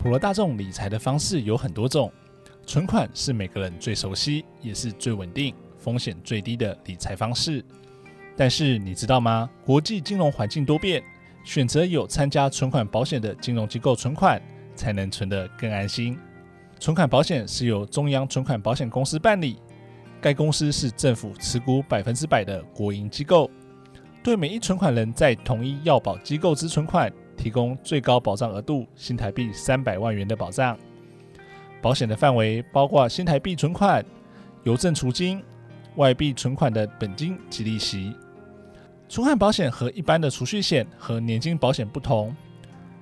普羅大眾理財的方式有很多種，存款是每個人最熟悉也是最穩定、風險最低的理財方式。但是你知道嗎？國際金融環境多變，選擇有參加存款保險的金融機構存款，才能存得更安心。存款保險是由中央存款保險公司辦理，該公司是政府持股百分之百的國營機構，對每一存款人在同一要保機構之存款。提供最高保障額度，新台幣三百萬元的保障。保險的範圍包括新台幣存款、郵政儲金、外幣存款的本金及利息。存款保險和一般的儲蓄險和年金保險不同，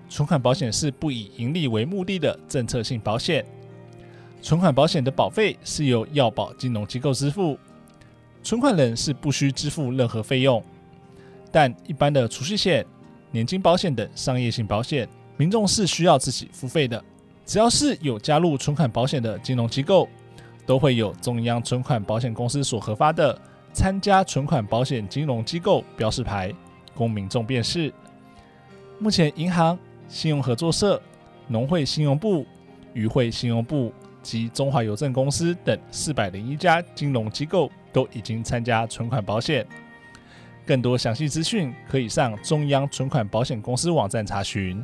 存款保險是不以盈利為目的的政策性保險。存款保險的保費是由要保金融機構支付，存款人是不需支付任何費用。但一般的儲蓄險。年金保險等商業性保險，民眾是需要自己付費的。只要是有加入存款保險的金融機構，都會有中央存款保險公司所核發的參加存款保險金融機構標示牌，供民眾辨識。目前，銀行、信用合作社、農會信用部、漁會信用部及中華郵政公司等四百零一家金融機構都已經參加存款保險。更多詳細資訊，可以上中央存款保險公司網站查詢。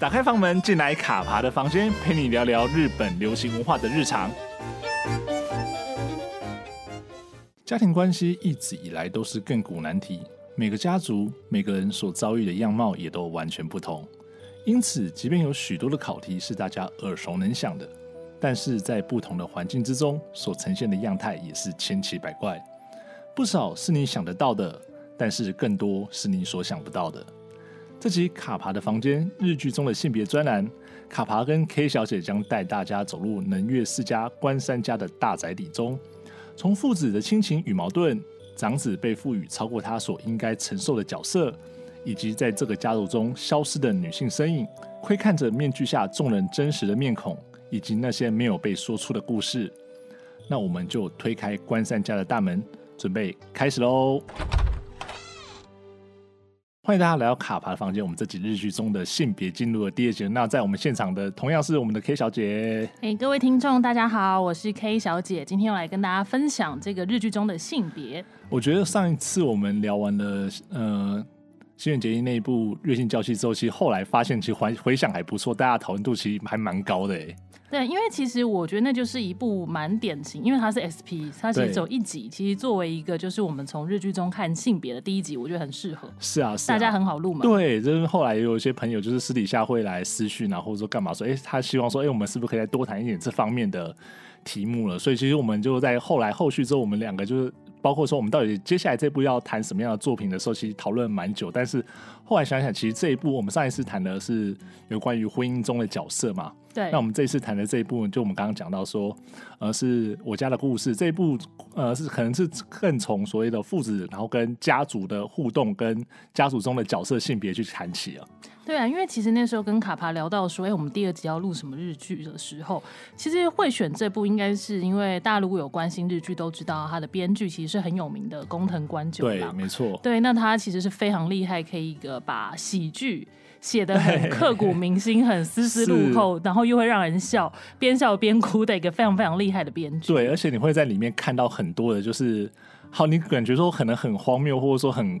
打開房門，進來卡爬的房間，陪你聊聊日本流行文化的日常。家庭關係一直以來都是亙古難題，每個家族、每個人所遭遇的樣貌也都完全不同。因此，即便有許多的考題是大家耳熟能詳的，但是在不同的環境之中所呈現的樣態也是千奇百怪，不少是你想得到的，但是更多是你所想不到的。這集卡爬的房間日劇中的性別專欄，卡爬跟 K 小姐將帶大家走入能樂世家觀山家的大宅邸中，從父子的親情與矛盾，長子被賦予超過他所應該承受的角色。以及在這個家族中消失的女性身影，窺看着面具下眾人真實的面孔，以及那些沒有被說出的故事。那我們就推開觀山家的大門，準備開始嘍！歡迎大家來到卡爬房間。我們這集日劇中的性別進入了第二集。那在我們現場的同樣是我們的 K 小姐。哎、hey,，各位聽眾大家好，我是 K 小姐，今天又來跟大家分享這個日劇中的性別。我覺得上一次我們聊完了，呃。.新垣結衣那一部《月薪嬌妻》之後，其實後來發現，其實回回響還不錯，大家討論度其實還蠻高的哎、欸。對，因為其實我覺得那就是一部蠻典型，因為它是 SP，它其實走一集，其實作為一個就是我們從日劇中看性別的第一集，我覺得很適合是、啊。是啊，大家很好入門。對，就是後來也有一些朋友就是私底下會來私訊啊，或者說幹嘛說，哎、欸，他希望說，哎、欸，我們是不是可以再多談一點這方面的題目了？所以其實我們就在後來後續之後，我們兩個就是。包括說我們到底接下來這部要談什麼樣的作品的時候，其實討論蠻久。但是後來想想，其實這一部我們上一次談的是有關於婚姻中的角色嘛？對。那我們這一次談的這一部，就我們剛剛講到說，呃，是我家的故事。這一部呃是可能是更從所謂的父子，然後跟家族的互動，跟家族中的角色性別去談起了。對啊，因為其實那時候跟卡帕聊到說，哎、欸，我們第二集要錄什麼日劇的時候，其實會選這部，應該是因為大家如果有關心日劇都知道他、啊、的編劇其實是很有名的工藤官九郎，沒錯。對，那他其實是非常厲害，可以一個把喜劇寫得很刻骨銘心、 很絲絲入扣，然後又會讓人笑邊笑邊哭的一個非常非常厲害的編劇。對，而且你會在裡面看到很多的就是，好，你感覺說可能很荒謬，或者說很，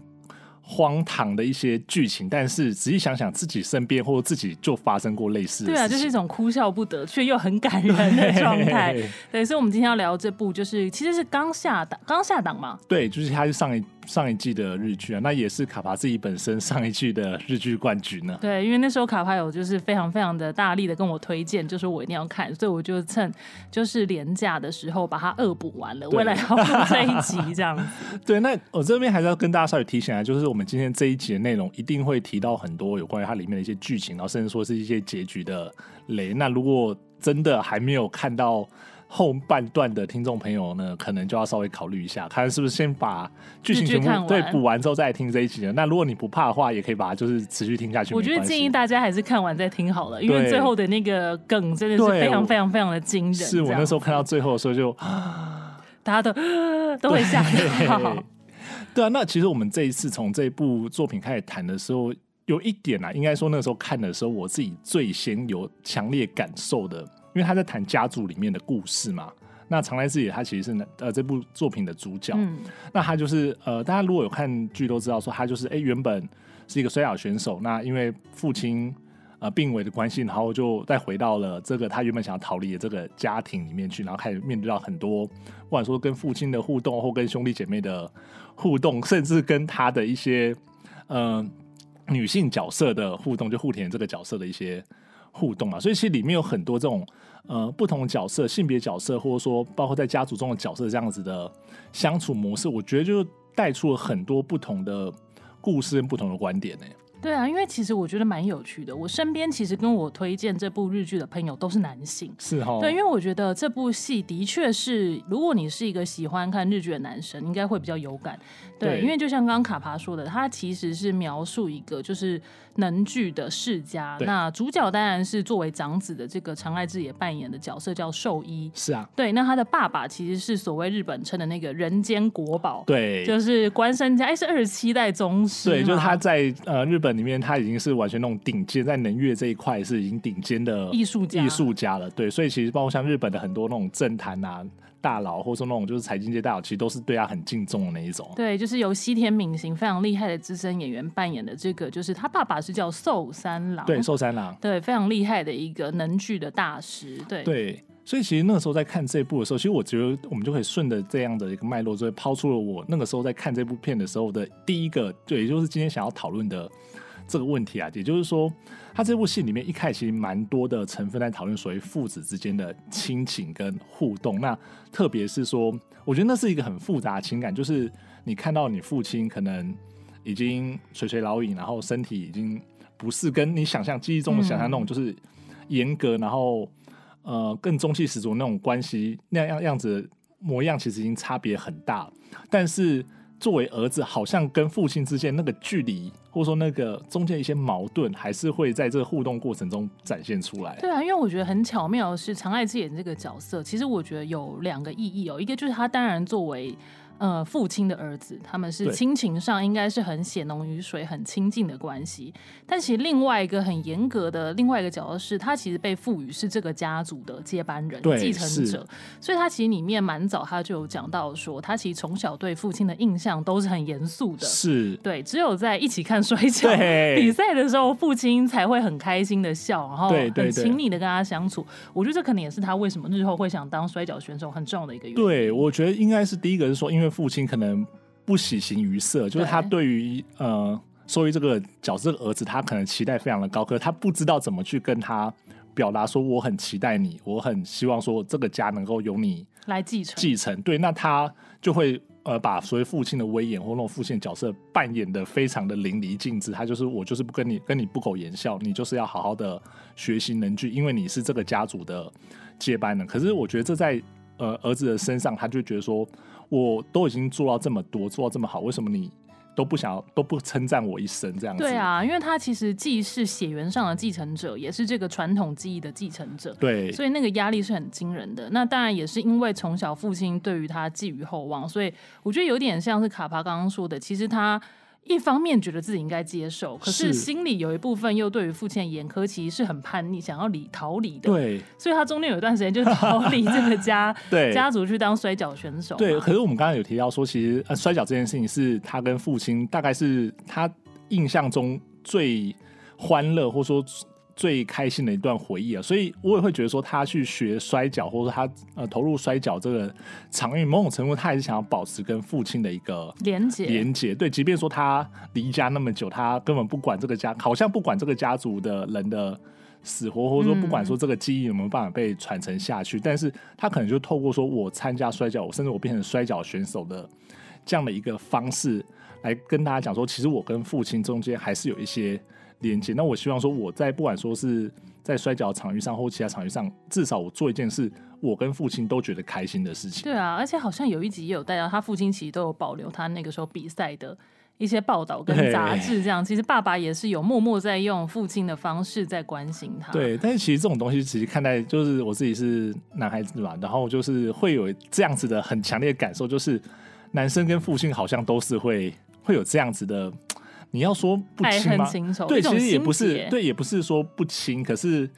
荒唐的一些劇情，但是仔細想想自己身邊或者自己就發生過類似的。對啊，就是一種哭笑不得卻又很感人的狀態。 對，所以，我們今天要聊這部，就是其實是剛下檔，剛下檔嘛。對，就是它是上一。上一季的日劇啊，那也是卡爬自己本身上一季的日劇冠軍呢。對，因為那時候卡爬有就是非常非常的大力的跟我推薦，就說我一定要看，所以我就趁就是連假的時候把它惡補完了，為了要放在一集這樣。 對，那我、哦、這邊還是要跟大家稍微提醒啊，就是我們今天這一集的內容一定會提到很多有關於它裡面的一些劇情，然後甚至說是一些結局的雷。那如果真的還沒有看到。後半段的聽眾朋友呢，可能就要稍微考慮一下，看是不是先把劇情全部對補完之後再聽這一集的，那如果你不怕的話，也可以把它就是持續聽下去。我覺得建議大家還是看完再聽好了，因為最後的那個梗真的是非常非常非常的驚人。是我那時候看到最後的時候就，啊、大家都、啊、都會嚇一跳。對啊，那其實我們這一次從這部作品開始談的時候，有一點啊，應該說那時候看的時候，我自己最先有強烈感受的。因為他在談家族裡面的故事嘛，那長瀨智也，他其實是呃這部作品的主角，嗯、那他就是呃大家如果有看劇都知道說他就是哎原本是一個摔跤選手，那因為父親呃病危的關係，然後就再回到了這個他原本想要逃離的這個家庭裡面去，然後開始面對到很多，不管說跟父親的互動或跟兄弟姐妹的互動，甚至跟他的一些呃女性角色的互動，就戶田這個角色的一些互動啊，所以其實裡面有很多這種。呃，不同的角色、性別角色，或者說包括在家族中的角色這樣子的相處模式，我覺得就帶出了很多不同的故事跟不同的觀點呢、欸。對啊，因為其實我覺得蠻有趣的。我身邊其實跟我推薦這部日劇的朋友都是男性，是哈。對，因為我覺得這部戲的確是，如果你是一個喜歡看日劇的男生，應該會比較有感。對，因為就像剛剛卡爬說的，他其實是描述一個就是能劇的世家。那主角當然是作為長子的這個長瀨智也扮演的角色叫壽一。是啊，對，那他的爸爸其實是所謂日本稱的那個人間國寶，對，就是觀山家、哎、是二十七代宗師。對，就是他在呃日本裡面他已經是完全那種頂尖，在能樂這一塊是已經頂尖的藝術家藝術家,藝術家了。對，所以其實包括像日本的很多那種政壇呐、啊。大佬，或者說那種就是財經界大佬，其實都是對他很敬重的那一種。對，就是由西田敏行非常厲害的資深演員扮演的這個，就是他爸爸是叫壽三郎。對，壽三郎。對，非常厲害的一個能劇的大師。對對，所以其實那個時候在看這部的時候，其實我覺得我們就可以順着這樣的一個脈絡，就會拋出了我那個時候在看這部片的時候的第一個，對，就是今天想要討論的這個問題啊，也就是說。他這部戲裡面一開始其實蠻多的成分在討論所謂父子之間的親情跟互動，那特別是說，我覺得那是一個很複雜的情感，就是你看到你父親可能已經垂垂老矣，然後身體已經不是跟你想象、記憶中的想象那種，就是嚴格，然後呃更中氣十足那種關係那樣樣子的模樣，其實已經差別很大，但是。作為兒子，好像跟父親之間那個距離，或者說那個中間一些矛盾，還是會在這個互動過程中展現出來。對啊，因為我覺得很巧妙的是，常愛之眼這個角色，其實我覺得有兩個意義哦，一個就是他當然作為。呃，父親的兒子，他們是親情上應該是很血濃於水，很親近的關係。但其實另外一個很嚴格的另外一個角度是，他其實被賦予是這個家族的接班人、繼承者。所以他其實裡面蠻早，他就有講到說，他其實從小對父親的印象都是很嚴肅的。是對，只有在一起看摔跤比賽的時候，父親才會很開心的笑，然後很親密的跟他相處對對對。我覺得這可能也是他為什麼日後會想當摔跤選手很重要的一個原因。對，我覺得應該是第一個人說，因為因為父親可能不喜形於色，就是他對於對呃，所以這個角色、這個、兒子，他可能期待非常的高，可他不知道怎麼去跟他表達說我很期待你，我很希望說這個家能夠由你來繼承來繼承。對，那他就會呃，把所謂父親的威嚴或那種父親的角色扮演得非常的淋漓盡致。他就是我就是不跟你跟你不苟言笑，你就是要好好的學習能劇，因為你是這個家族的接班人。嗯、可是我覺得這在呃兒子的身上、嗯，他就覺得說。我都已經做到這麼多，做到這麼好，為什麼你都不想要，都不稱讚我一聲？這樣子。對啊，因為他其實既是血緣上的繼承者，也是這個傳統技藝的繼承者，對，所以那個壓力是很驚人的。那當然也是因為從小父親對於他寄予厚望，所以我覺得有點像是卡爬剛剛說的，其實他。一方面覺得自己應該接受，可是心裡有一部分又對於父親的嚴苛，其實是很叛逆，想要離，逃離的。對，所以他中間有一段時間就逃離這個家 對，家族去當摔角選手。對，可是我們剛剛有提到說，其實呃，摔角這件事情是他跟父親，大概是他印象中最歡樂，或者說。最開心的一段回憶啊，所以我也會覺得說，他去學摔角，或者說他呃投入摔角這個場域，某種程度他也是想要保持跟父親的一個連接，連接。對，即便說他離家那麼久，他根本不管這個家，好像不管這個家族的人的死活，或者說不管說這個記憶有沒有辦法被傳承下去。嗯，但是他可能就透過說我參加摔角，我甚至我變成摔角選手的這樣的一個方式，來跟大家講說，其實我跟父親中間還是有一些。那我希望說，我在不管說是在摔角場域上，或其他場域上，至少我做一件事，我跟父親都覺得開心的事情。對啊，而且好像有一集也有帶到，他父親其實都有保留他那個時候比賽的一些報道跟雜誌。這樣、欸，其實爸爸也是有默默在用父親的方式在關心他。對，但是其實這種東西，其實看待就是我自己是男孩子嘛，然後就是會有這樣子的很強烈的感受，就是男生跟父親好像都是會會有這樣子的。你要說不親嗎？對，其實也不是，對，也不是說不親。可是，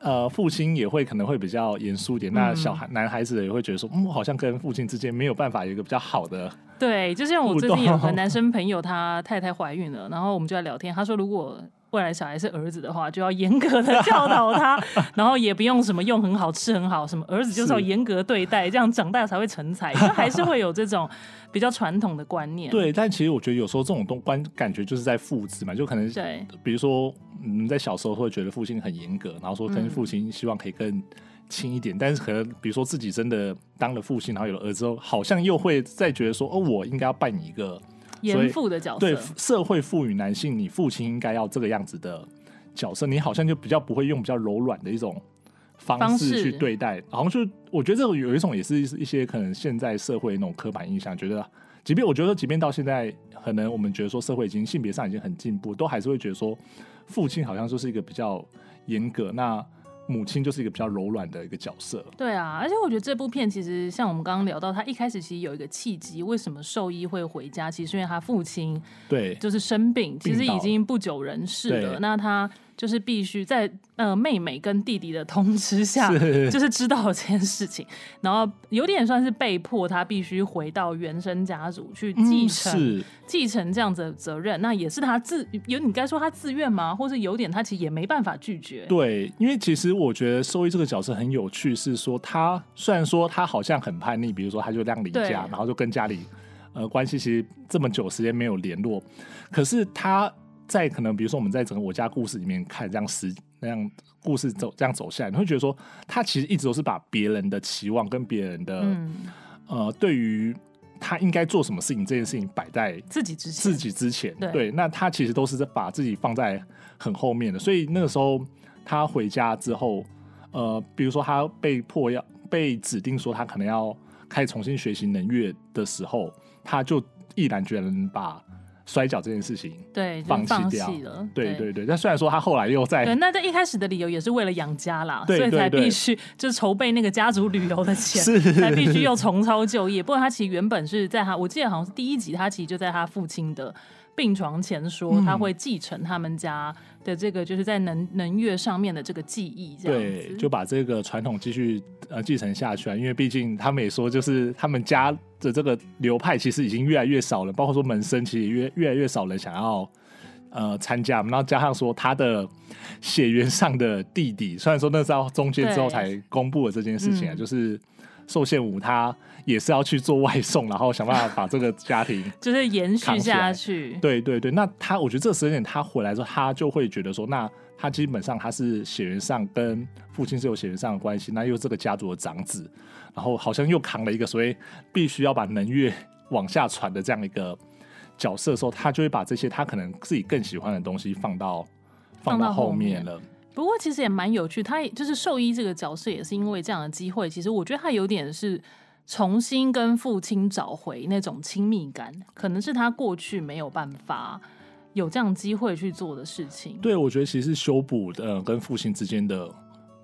呃，父親也會可能會比較嚴肅點。那小孩、男孩子也會覺得說，嗯，嗯我好像跟父親之間沒有辦法有一個比較好的。對，就像我最近有個男生朋友，他太太懷孕了，然後我們就在聊天。他說，如果未來小孩是兒子的話，就要嚴格的教導他， 然後也不用什麼用很好吃很好什麼，兒子就是要嚴格對待，這樣長大才會成才。就還是會有這種比較傳統的觀念。 對，但其實我覺得有時候這種東觀感覺就是在父子嘛，就可能對，比如說，嗯，在小時候會覺得父親很嚴格，然後說跟父親希望可以更親一點，嗯，但是可能比如說自己真的當了父親，然後有了兒子之後，好像又會再覺得說，哦，我應該要扮演一個。嚴父的角色，對，社會賦予男性，你父親應該要這個樣子的角色，你好像就比較不會用比較柔軟的一種方式去對待，好像就我覺得這個有一種也是一一些可能現在社會那種刻板印象，覺得即便我覺得即便到現在，可能我們覺得說社會已經性別上已經很進步，都還是會覺得說父親好像就是一個比較嚴格那。母親就是一個比較柔軟的一個角色。對啊，而且我覺得這部片其實像我們剛剛聊到，他一開始其實有一個契機，為什麼壽一會回家？其實因為他父親對，就是生病，其實已經不久人世了。那他。就是必須在呃妹妹跟弟弟的通知下，就是知道這件事情，然後有點算是被迫，他必須回到原生家族去繼承繼、嗯、承這樣子的責任。那也是他自有，你該說他自願嗎？或者有點他其實也沒辦法拒絕。對，因為其實我覺得壽一這個角色很有趣，是說他雖然說他好像很叛逆，比如說他就這樣離家，然後就跟家裡呃關係其實這麼久時間沒有聯絡，可是他。在可能，比如說我們在整個我家故事裡面看這樣時那樣故事走這樣走下來，你會覺得說他其實一直都是把別人的期望跟別人的、嗯、呃對於他應該做什麼事情這件事情擺在自己之前自己之前，自己之前對，對，那他其實都是在把自己放在很後面的。所以那個時候他回家之後，呃，比如說他被迫要被指定說他可能要開始重新學習能樂的時候，他就毅然決然把。摔跤這件事情，對，就放棄掉放了，對對對,對,對,對,對。但雖然說他後來又在對，那在一開始的理由也是為了養家啦對對對，所以才必須就是籌備那個家族旅遊的錢，是。才必須要重操舊業。 不過他其實原本是在他，我記得好像是第一集，他其實就在他父親的。病床前說他會繼承他們家的這個，嗯、就是在能能樂上面的這個技藝，這樣對就把這個傳統繼續呃繼承下去啊。因為畢竟他們也說，就是他們家的這個流派其實已經越來越少了，包括說門生其實也越越來越少人想要呃參加。然後加上說他的血緣上的弟弟，雖然說那時候中間之後才公布了這件事情啊，就是壽限武他。也是要去做外送，然後想辦法把這個家庭 就是延續下去。對對對，那他我覺得這個時間點他回來之後，他就會覺得說，那他基本上他是血緣上跟父親是有血緣上的關係，那又是這個家族的長子，然後好像又扛了一個所謂必須要把能樂往下傳的這樣一個角色的時候，他就會把這些他可能自己更喜歡的東西放到放到後面了後面。不過其實也蠻有趣，他也就是獸醫這個角色，也是因為這樣的機會，其實我覺得他有點是。重新跟父親找回那種親密感，可能是他過去沒有辦法有這樣機會去做的事情。對，我覺得其實是修補的，呃，跟父親之間的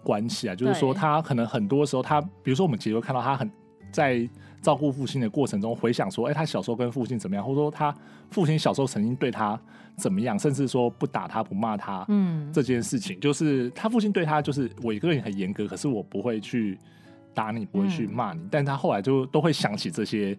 關係啊，就是說他可能很多時候他，他比如說我們其實會看到他很在照顧父親的過程中，回想說，哎，他小時候跟父親怎麼樣，或者說他父親小時候曾經對他怎麼樣，甚至說不打他、不罵他，嗯，這件事情就是他父親對他就是我一個人很嚴格，可是我不會去。打你不會去罵你。嗯，但他後來就都會想起這些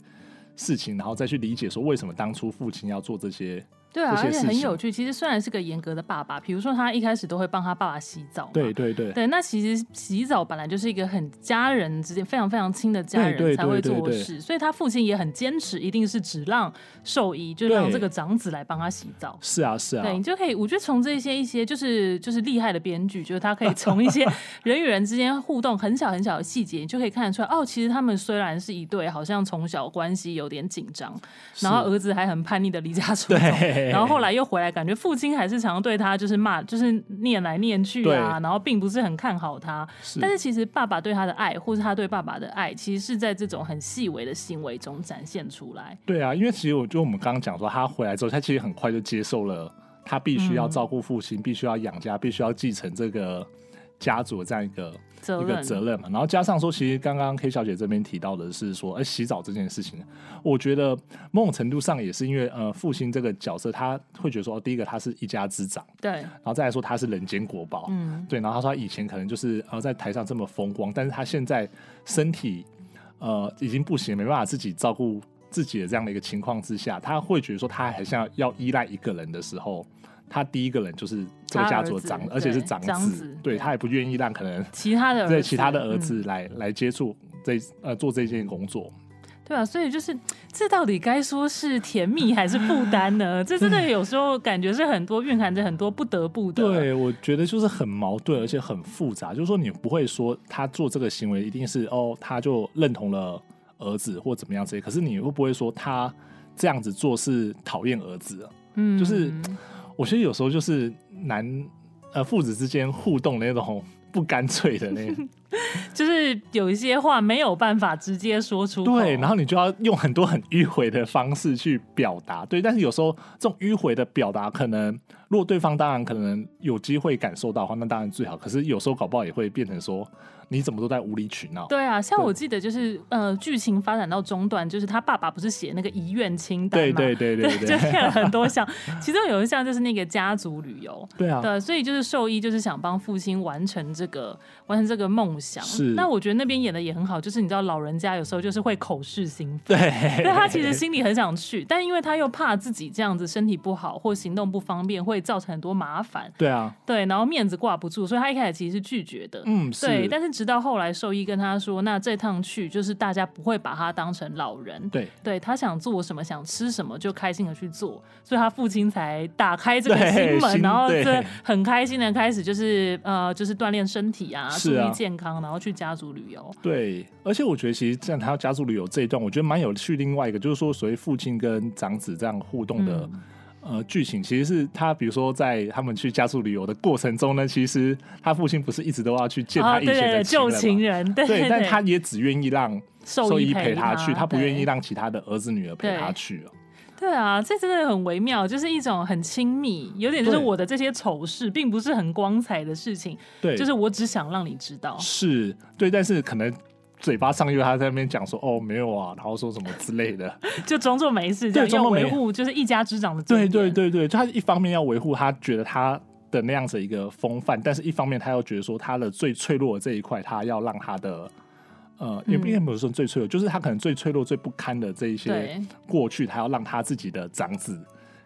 事情，然後再去理解說，為什麼當初父親要做這些。對啊，而且很有趣。其實雖然是個嚴格的爸爸，比如說他一開始都會幫他爸爸洗澡。對對對。對，那其實洗澡本來就是一個很家人之間非常非常親的家人才會做事，對對對對對對，所以他父親也很堅持，一定是只讓壽一就讓這個長子來幫他洗澡。是啊是啊。對，你就可以，我覺得從這些一些就是就是厲害的編劇，就是他可以從一些人與人之間互動 很小很小的細節，你就可以看得出來。哦，其實他們雖然是一對，好像從小關係有點緊張，然後兒子還很叛逆的離家出走。對然後後來又回來，感覺父親還是常對他就是罵，就是念來念去啊。然後並不是很看好他。但是其實爸爸對他的愛，或者他對爸爸的愛，其實是在這種很細微的行為中展現出來。對啊，因為其實我覺得我們剛剛講說，他回來之後，他其實很快就接受了，他必須要照顧父親、嗯，必須要養家，必須要繼承這個家族的這樣一個。一個責任嘛，然後加上說，其實剛剛 K 小姐這邊提到的是說、呃，洗澡這件事情，我覺得某種程度上也是因為，呃，父親這個角色他會覺得說、呃，第一個他是一家之長，對，然後再來說他是人間國寶，嗯，對，然後他說他以前可能就是呃在台上這麼風光，但是他現在身體呃已經不行，沒辦法自己照顧自己的這樣的一個情況之下，他會覺得說他還想要依賴一個人的時候。他第一個人就是這個家族長，而且是長子，對，長子，對，他也不願意讓可能其他的對其他的兒子來、嗯、來接觸這呃做這件工作，對啊。所以就是這到底該說是甜蜜還是負擔呢？ 這真的有時候感覺是很多蘊 含着很多不得不的。對，我覺得就是很矛盾，而且很複雜。就是說你不會說他做這個行為一定是哦，他就認同了兒子或怎麼樣這些，可是你會不會說他這樣子做是討厭兒子嗯，就是。我覺得有時候就是男，呃，父子之間互動的那種不乾脆的那種。 就是有一些話沒有辦法直接說出，對，然後你就要用很多很迂迴的方式去表達，對。但是有時候這種迂迴的表達，可能如果對方當然可能有機會感受到的話，那當然最好。可是有時候搞不好也會變成說你怎麼都在無理取鬧。對啊，像我記得就是呃，劇情發展到中段，就是他爸爸不是寫那個遺願清單嗎？對對對對，對，對，對，就列了很多項， 其中有一項就是那個家族旅遊。對啊，對，所以就是獸醫就是想幫父親完成這個完成這個夢想。想。那我覺得那邊演的也很好，就是你知道老人家有時候就是會口是心非，對，他其實心裡很想去，但因為他又怕自己這樣子身體不好或行動不方便，會造成很多麻煩，對啊，對，然後面子掛不住，所以他一開始其實是拒絕的，嗯，對，但是直到後來獸醫跟他說，那這趟去就是大家不會把他當成老人，對，對他想做什麼想吃什麼就開心的去做，所以他父親才打開這個心門，對心對然後就很開心的開始就是呃就是鍛鍊身體啊，是啊，注意健康啊。然後去家族旅遊，對，而且我覺得其實這樣他要家族旅遊這一段，我覺得蠻有趣。另外一個就是說，所謂父親跟長子這樣互動的、嗯、呃劇情，其實是他比如說在他們去家族旅遊的過程中呢，其實他父親不是一直都要去見他一些舊情、啊、情人對對對，對，但他也只願意讓壽一陪他去，他，他不願意讓其他的兒子女兒陪他去哦。對啊，這真的很微妙，就是一種很親密，有點就是我的這些醜事，並不是很光彩的事情。對，就是我只想讓你知道。是，對，但是可能嘴巴上因為他在那邊講說哦沒有啊，然後說什麼之類的， 就裝作沒事這樣，對，裝作維護就是一家之長的。對，對，對，對，就他一方面要維護他覺得他的那樣子一個風範，但是一方面他又覺得說他的最脆弱的這一塊，他要讓他的。呃、嗯，因為並沒有說最脆弱，就是他可能最脆弱、最不堪的這一些過去，他要讓他自己的長子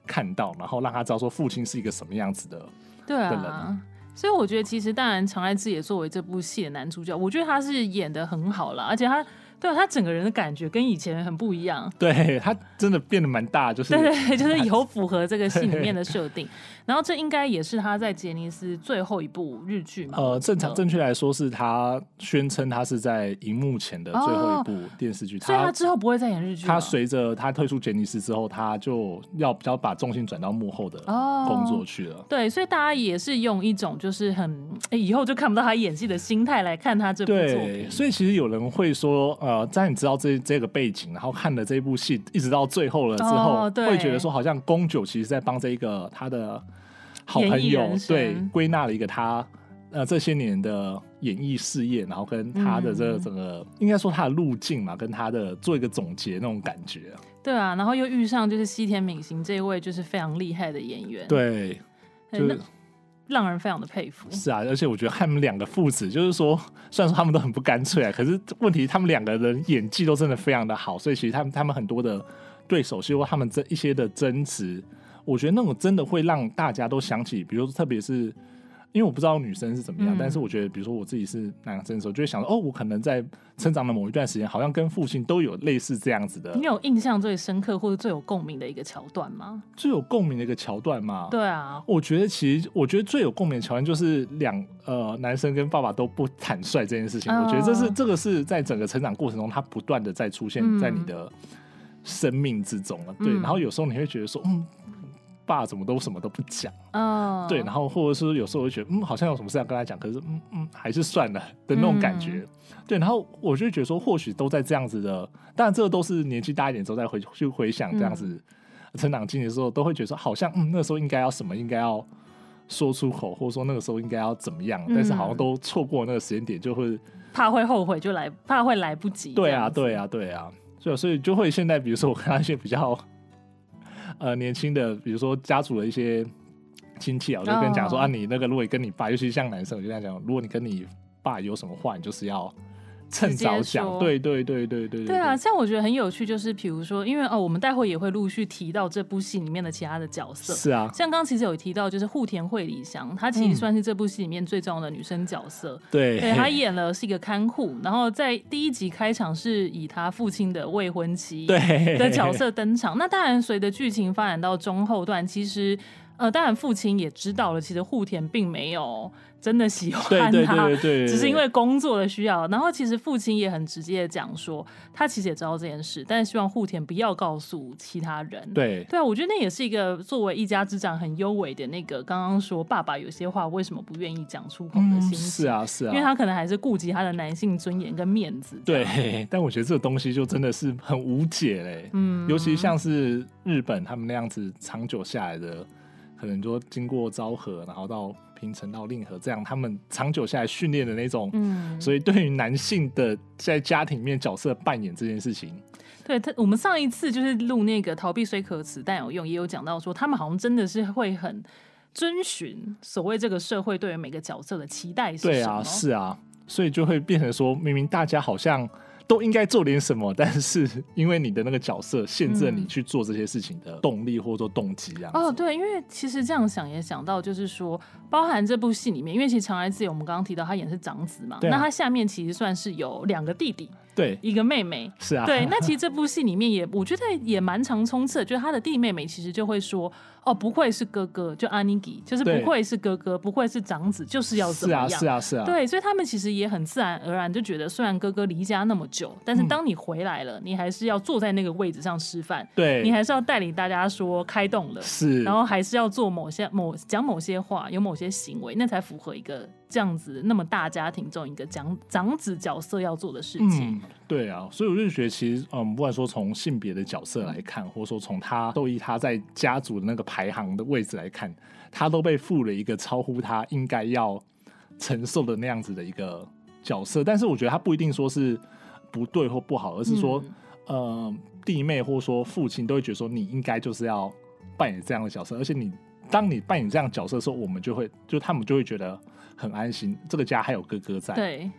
看到，然後讓他知道說父親是一個什麼樣子的對啊的人，所以我覺得其實當然長瀨智也也作為這部戲的男主角，我覺得他是演得很好了，而且他。對他整個人的感覺跟以前很不一樣。對他真的變得蠻大，就是對，對，就是有符合這個戲裡面的設定。然後這應該也是他在傑尼斯最後一部日劇嘛？呃，正常、正確來說是，他宣稱他是在熒幕前的最後一部電視劇。哦、所以他之後不會再演日劇。他隨着他退出傑尼斯之後，他就要比較把重心轉到幕後的工作去了、哦。對，所以大家也是用一種就是很誒，以後就看不到他演戲的心態來看他這部作品。對。所以其實有人會說。嗯呃，在你知道這這個背景，然後看了這部戲，一直到最後了之後，會、哦、覺得說好像宮九其實，在幫這一個他的好朋友，對，歸納了一個他呃這些年的演藝事業，然後跟他的這個嗯、整個應該說他的路徑嘛，跟他的做一個總結那種感覺。對啊，然後又遇上就是西田敏行這一位就是非常厲害的演員，對，就是。欸讓人非常的佩服。是啊，而且我覺得他們兩個父子，就是說，雖然說他們都很不乾脆啊，可是問題他們兩個人演技都真的非常的好，所以其實他們他們很多的對手戲或他們這一些的爭執，我覺得那種真的會讓大家都想起，比如說特別是。因為我不知道女生是怎麼樣、嗯，但是我覺得，比如說我自己是男生的時候，就會想到，哦，我可能在成長的某一段時間，好像跟父親都有類似這樣子的。你有印象最深刻或者最有共鳴的一個橋段嗎？最有共鳴的一個橋段嗎？對啊，我覺得其實，我覺得最有共鳴的橋段就是兩呃，男生跟爸爸都不坦率這件事情。呃、我覺得這是這個是在整個成長過程中，他不斷的在出現在你的生命之中了、嗯。對，然後有時候你會覺得說，嗯。爸什麼都什麼都不講，oh. 對，然後或者是有時候我就覺得，嗯，好像有什麼事要跟他講，可是，嗯嗯，還是算了的那種感覺、嗯。對，然後我就覺得說，或許都在這樣子的，當然這個都是年紀大一點之後再回去回想這樣子，嗯、成長經歷的時候，都會覺得說，好像，嗯，那個時候應該要什麼，應該要說出口，或者說那個時候應該要怎麼樣、嗯，但是好像都錯過那個時間點，就會怕會後悔，就來怕會來不及。對啊，對啊，對啊。所以所以就會現在，比如說我跟那些比較。呃，年輕的，比如說家族的一些親戚啊，我就跟你講說、oh. 啊，你那個如果你跟你爸，尤其像男生，我就跟你講，如果你跟你爸有什麼話，你就是要。趁早講，對對對對對對，對。對，對啊，像我覺得很有趣，就是比如說，因為哦，我們待會也會陸續提到這部戲裡面的其他的角色。是啊，像剛剛其實有提到，就是戶田惠梨香，她其實算是這部戲裡面最重要的女生角色。嗯、對，對她演了是一個看護，然後在第一集開場是以她父親的未婚妻的角色登場。那當然，隨着劇情發展到中後段，其實。呃，當然，父親也知道了。其實戶田並沒有真的喜歡他對對對對對對對對，只是因為工作的需要。然後，其實父親也很直接的講說，他其實也知道這件事，但是希望戶田不要告訴其他人。對對啊，我覺得那也是一個作為一家之長很優美的那個。剛剛說爸爸有些話為什麼不願意講出口的心、嗯、是啊，是啊，因為他可能還是顧及他的男性尊嚴跟面子。對，但我覺得這個東西就真的是很無解嘞、欸。嗯，尤其像是日本他們那樣子長久下來的。可能就經過昭和，然後到平成到令和這樣，他們長久下來訓練的那種，嗯，所以對於男性的在家庭裡面角色扮演這件事情，對他，我們上一次就是錄那個逃避雖可恥但有用，也有講到說他們好像真的是會很遵循所謂這個社會對於每個角色的期待是，對啊，是啊，所以就會變成說，明明大家好像。都應該做點什麼，但是因為你的那個角色限制了你去做這些事情的動力或者動機，啊、嗯。哦，對，因為其實這樣想也想到，就是說，包含這部戲裡面，因為其實常來自己，我們剛剛提到他演是長子嘛、啊，那他下面其實算是有兩個弟弟，對，一個妹妹，是啊，對。那其實這部戲裡面也，我覺得也蠻常衝刺，就是他的弟弟妹妹其實就會說。哦，不愧是哥哥，就阿尼基，就是不愧是哥哥，不愧是長子，就是要怎麼樣。是啊，是啊，是啊，對，所以他們其實也很自然而然就覺得，雖然哥哥離家那麼久，但是當你回來了，嗯、你還是要坐在那個位置上吃飯，對，你還是要帶領大家說開動了，是，然後還是要做某些某講某些話，有某些行為，那才符合一個這樣子那麼大家庭中一個講長子角色要做的事情。嗯對啊，所以我就覺得，其實，嗯，不管說從性別的角色來看，或者說從他都以他在家族的那個排行的位置來看，他都被賦了一個超乎他應該要承受的那樣子的一個角色。但是我覺得他不一定說是不對或不好，而是說，嗯，呃、弟妹或說父親都會覺得說你應該就是要扮演這樣的角色。而且你當你扮演這樣的角色的時候，我們就會就他們就會覺得很安心，這個家還有哥哥在。對。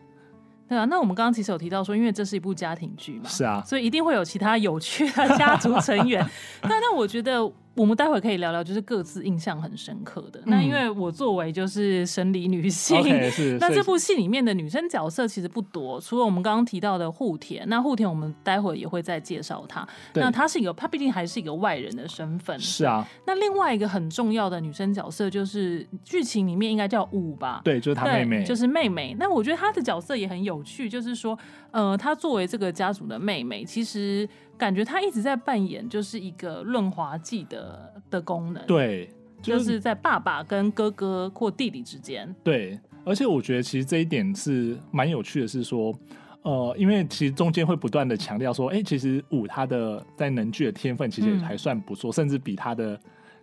對啊，那我們剛剛其實有提到說，因為這是一部家庭劇嘛，是啊，所以一定會有其他有趣的家族成員。 那那我覺得。我們待會可以聊聊，就是各自印象很深刻的。嗯、那因為我作為就是生理女性 okay,，那這部戲裡面的女生角色其實不多，除了我們剛剛提到的戶田。那戶田我們待會也會再介紹她。那她是一個，她畢竟還是一個外人的身份。是啊。那另外一個很重要的女生角色就是劇情裡面應該叫舞吧？對，就是她妹妹，就是妹妹。那我覺得她的角色也很有趣，就是說，呃，她作為這個家族的妹妹，其實。感覺他一直在扮演就是一個潤滑劑的的功能，對、就是，就是在爸爸跟哥哥或弟弟之間，對。而且我覺得其實這一點是蠻有趣的，是說，呃，因為其實中間會不斷的強調說，哎、欸，其實舞他的在能劇的天分其實還算不錯，嗯，甚至比他的。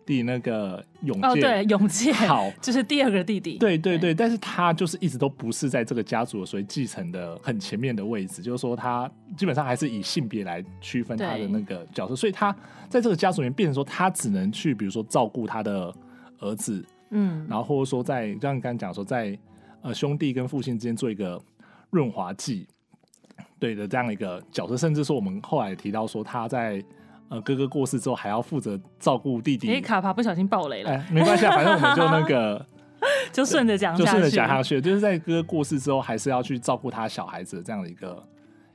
弟那個踊介哦，對踊介好，就是第二個弟弟。對對對，但是他就是一直都不是在這個家族，所以繼承的很前面的位置，就是說他基本上還是以性別來區分他的那個角色，所以他在這個家族裡面，變成說他只能去，比如說照顧他的兒子，嗯，然後或者說在像你剛才講說，在呃兄弟跟父親之間做一個潤滑劑，對的這樣的一個角色，甚至說我們後來提到說他在。哥哥過世之後，還要負責照顧弟弟。誒、欸，卡爬不小心爆雷了，欸、沒關係、啊，反正我們就那個， 就順着講，就順着講下去，就是在哥哥過世之後，還是要去照顧他小孩子這樣的一個。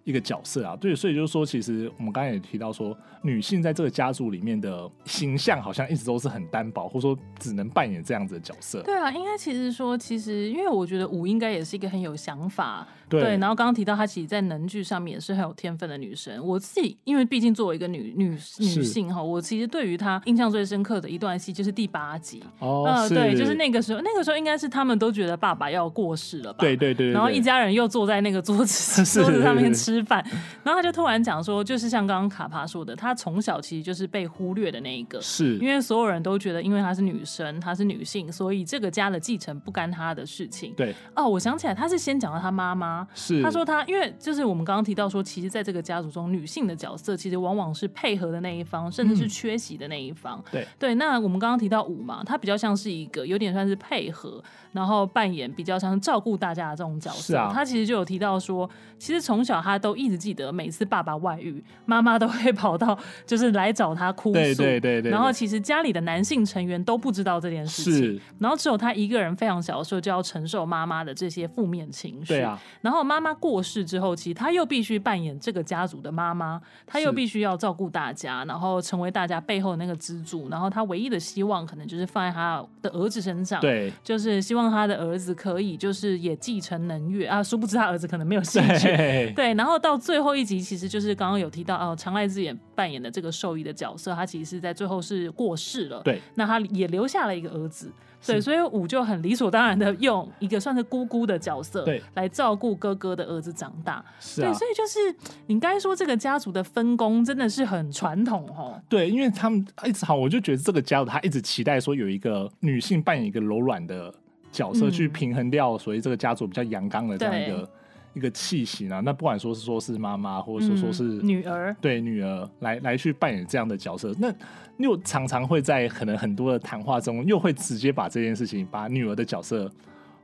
一個角色啊，對，所以就是說，其實我們剛才也提到說，女性在這個家族裡面的形象好像一直都是很單薄，或者說只能扮演這樣子的角色。對啊，應該其實說，其實因為我覺得舞應該也是一個很有想法，對。對，然後剛剛提到她，其實，在能劇上面也是很有天分的女生。我自己因為畢竟作為一個女女女性哈，我其實對於她印象最深刻的一段戲就是第八集，哦、oh, 呃，對，就是那個時候，那個時候應該是他們都覺得爸爸要過世了吧？對對對，對，對，對。然後一家人又坐在那個桌子 桌子上面吃。吃飯，然後他就突然講說，就是像剛剛卡爬說的，他從小其實就是被忽略的那一個，是，因為所有人都覺得，因為她是女生，她是女性，所以這個家的繼承不干她的事情。對，哦，我想起來，他是先講到他媽媽，是，他說他，因為就是我們剛剛提到說，其實在這個家族中，女性的角色其實往往是配合的那一方，甚至是缺席的那一方。嗯、對，對，那我們剛剛提到五嘛，她比較像是一個有點算是配合。然後扮演比較像照顧大家的這種角色。是啊，他其實就有提到說，其實從小他都一直記得，每次爸爸外遇，媽媽都會跑到就是來找他哭訴。對對對，對，對，對。然後其實家裡的男性成員都不知道這件事情。是。然後只有他一個人非常小的時候就要承受媽媽的這些負面情緒。對啊。然後媽媽過世之後，其實他又必須扮演這個家族的媽媽，他又必須要照顧大家，然後成為大家背後的那個支柱。然後他唯一的希望可能就是放在他的兒子身上，對，就是希望。他的兒子可以就是也繼承能樂啊，殊不知他兒子可能沒有興趣。對，嘿嘿對，然後到最後一集，其實就是剛剛有提到哦，長瀨智也扮演的這個獸醫的角色，他其實在最後是過世了。對，那他也留下了一個兒子，對，所以所以舞就很理所當然的用一個算是姑姑的角色對來照顧哥哥的兒子長大。是啊，對，所以就是應該說這個家族的分工真的是很傳統哦。對，因為他們一直好，我就覺得這個家族他一直期待說有一個女性扮演一個柔軟的角色去平衡掉，所以這個家族比較陽剛的這樣一個、嗯、一個氣息呢、啊。那不管說是說是媽媽，或者說說是、嗯、女兒，對女兒來來去扮演這樣的角色，那又常常會在可能很多的談話中，又會直接把這件事情把女兒的角色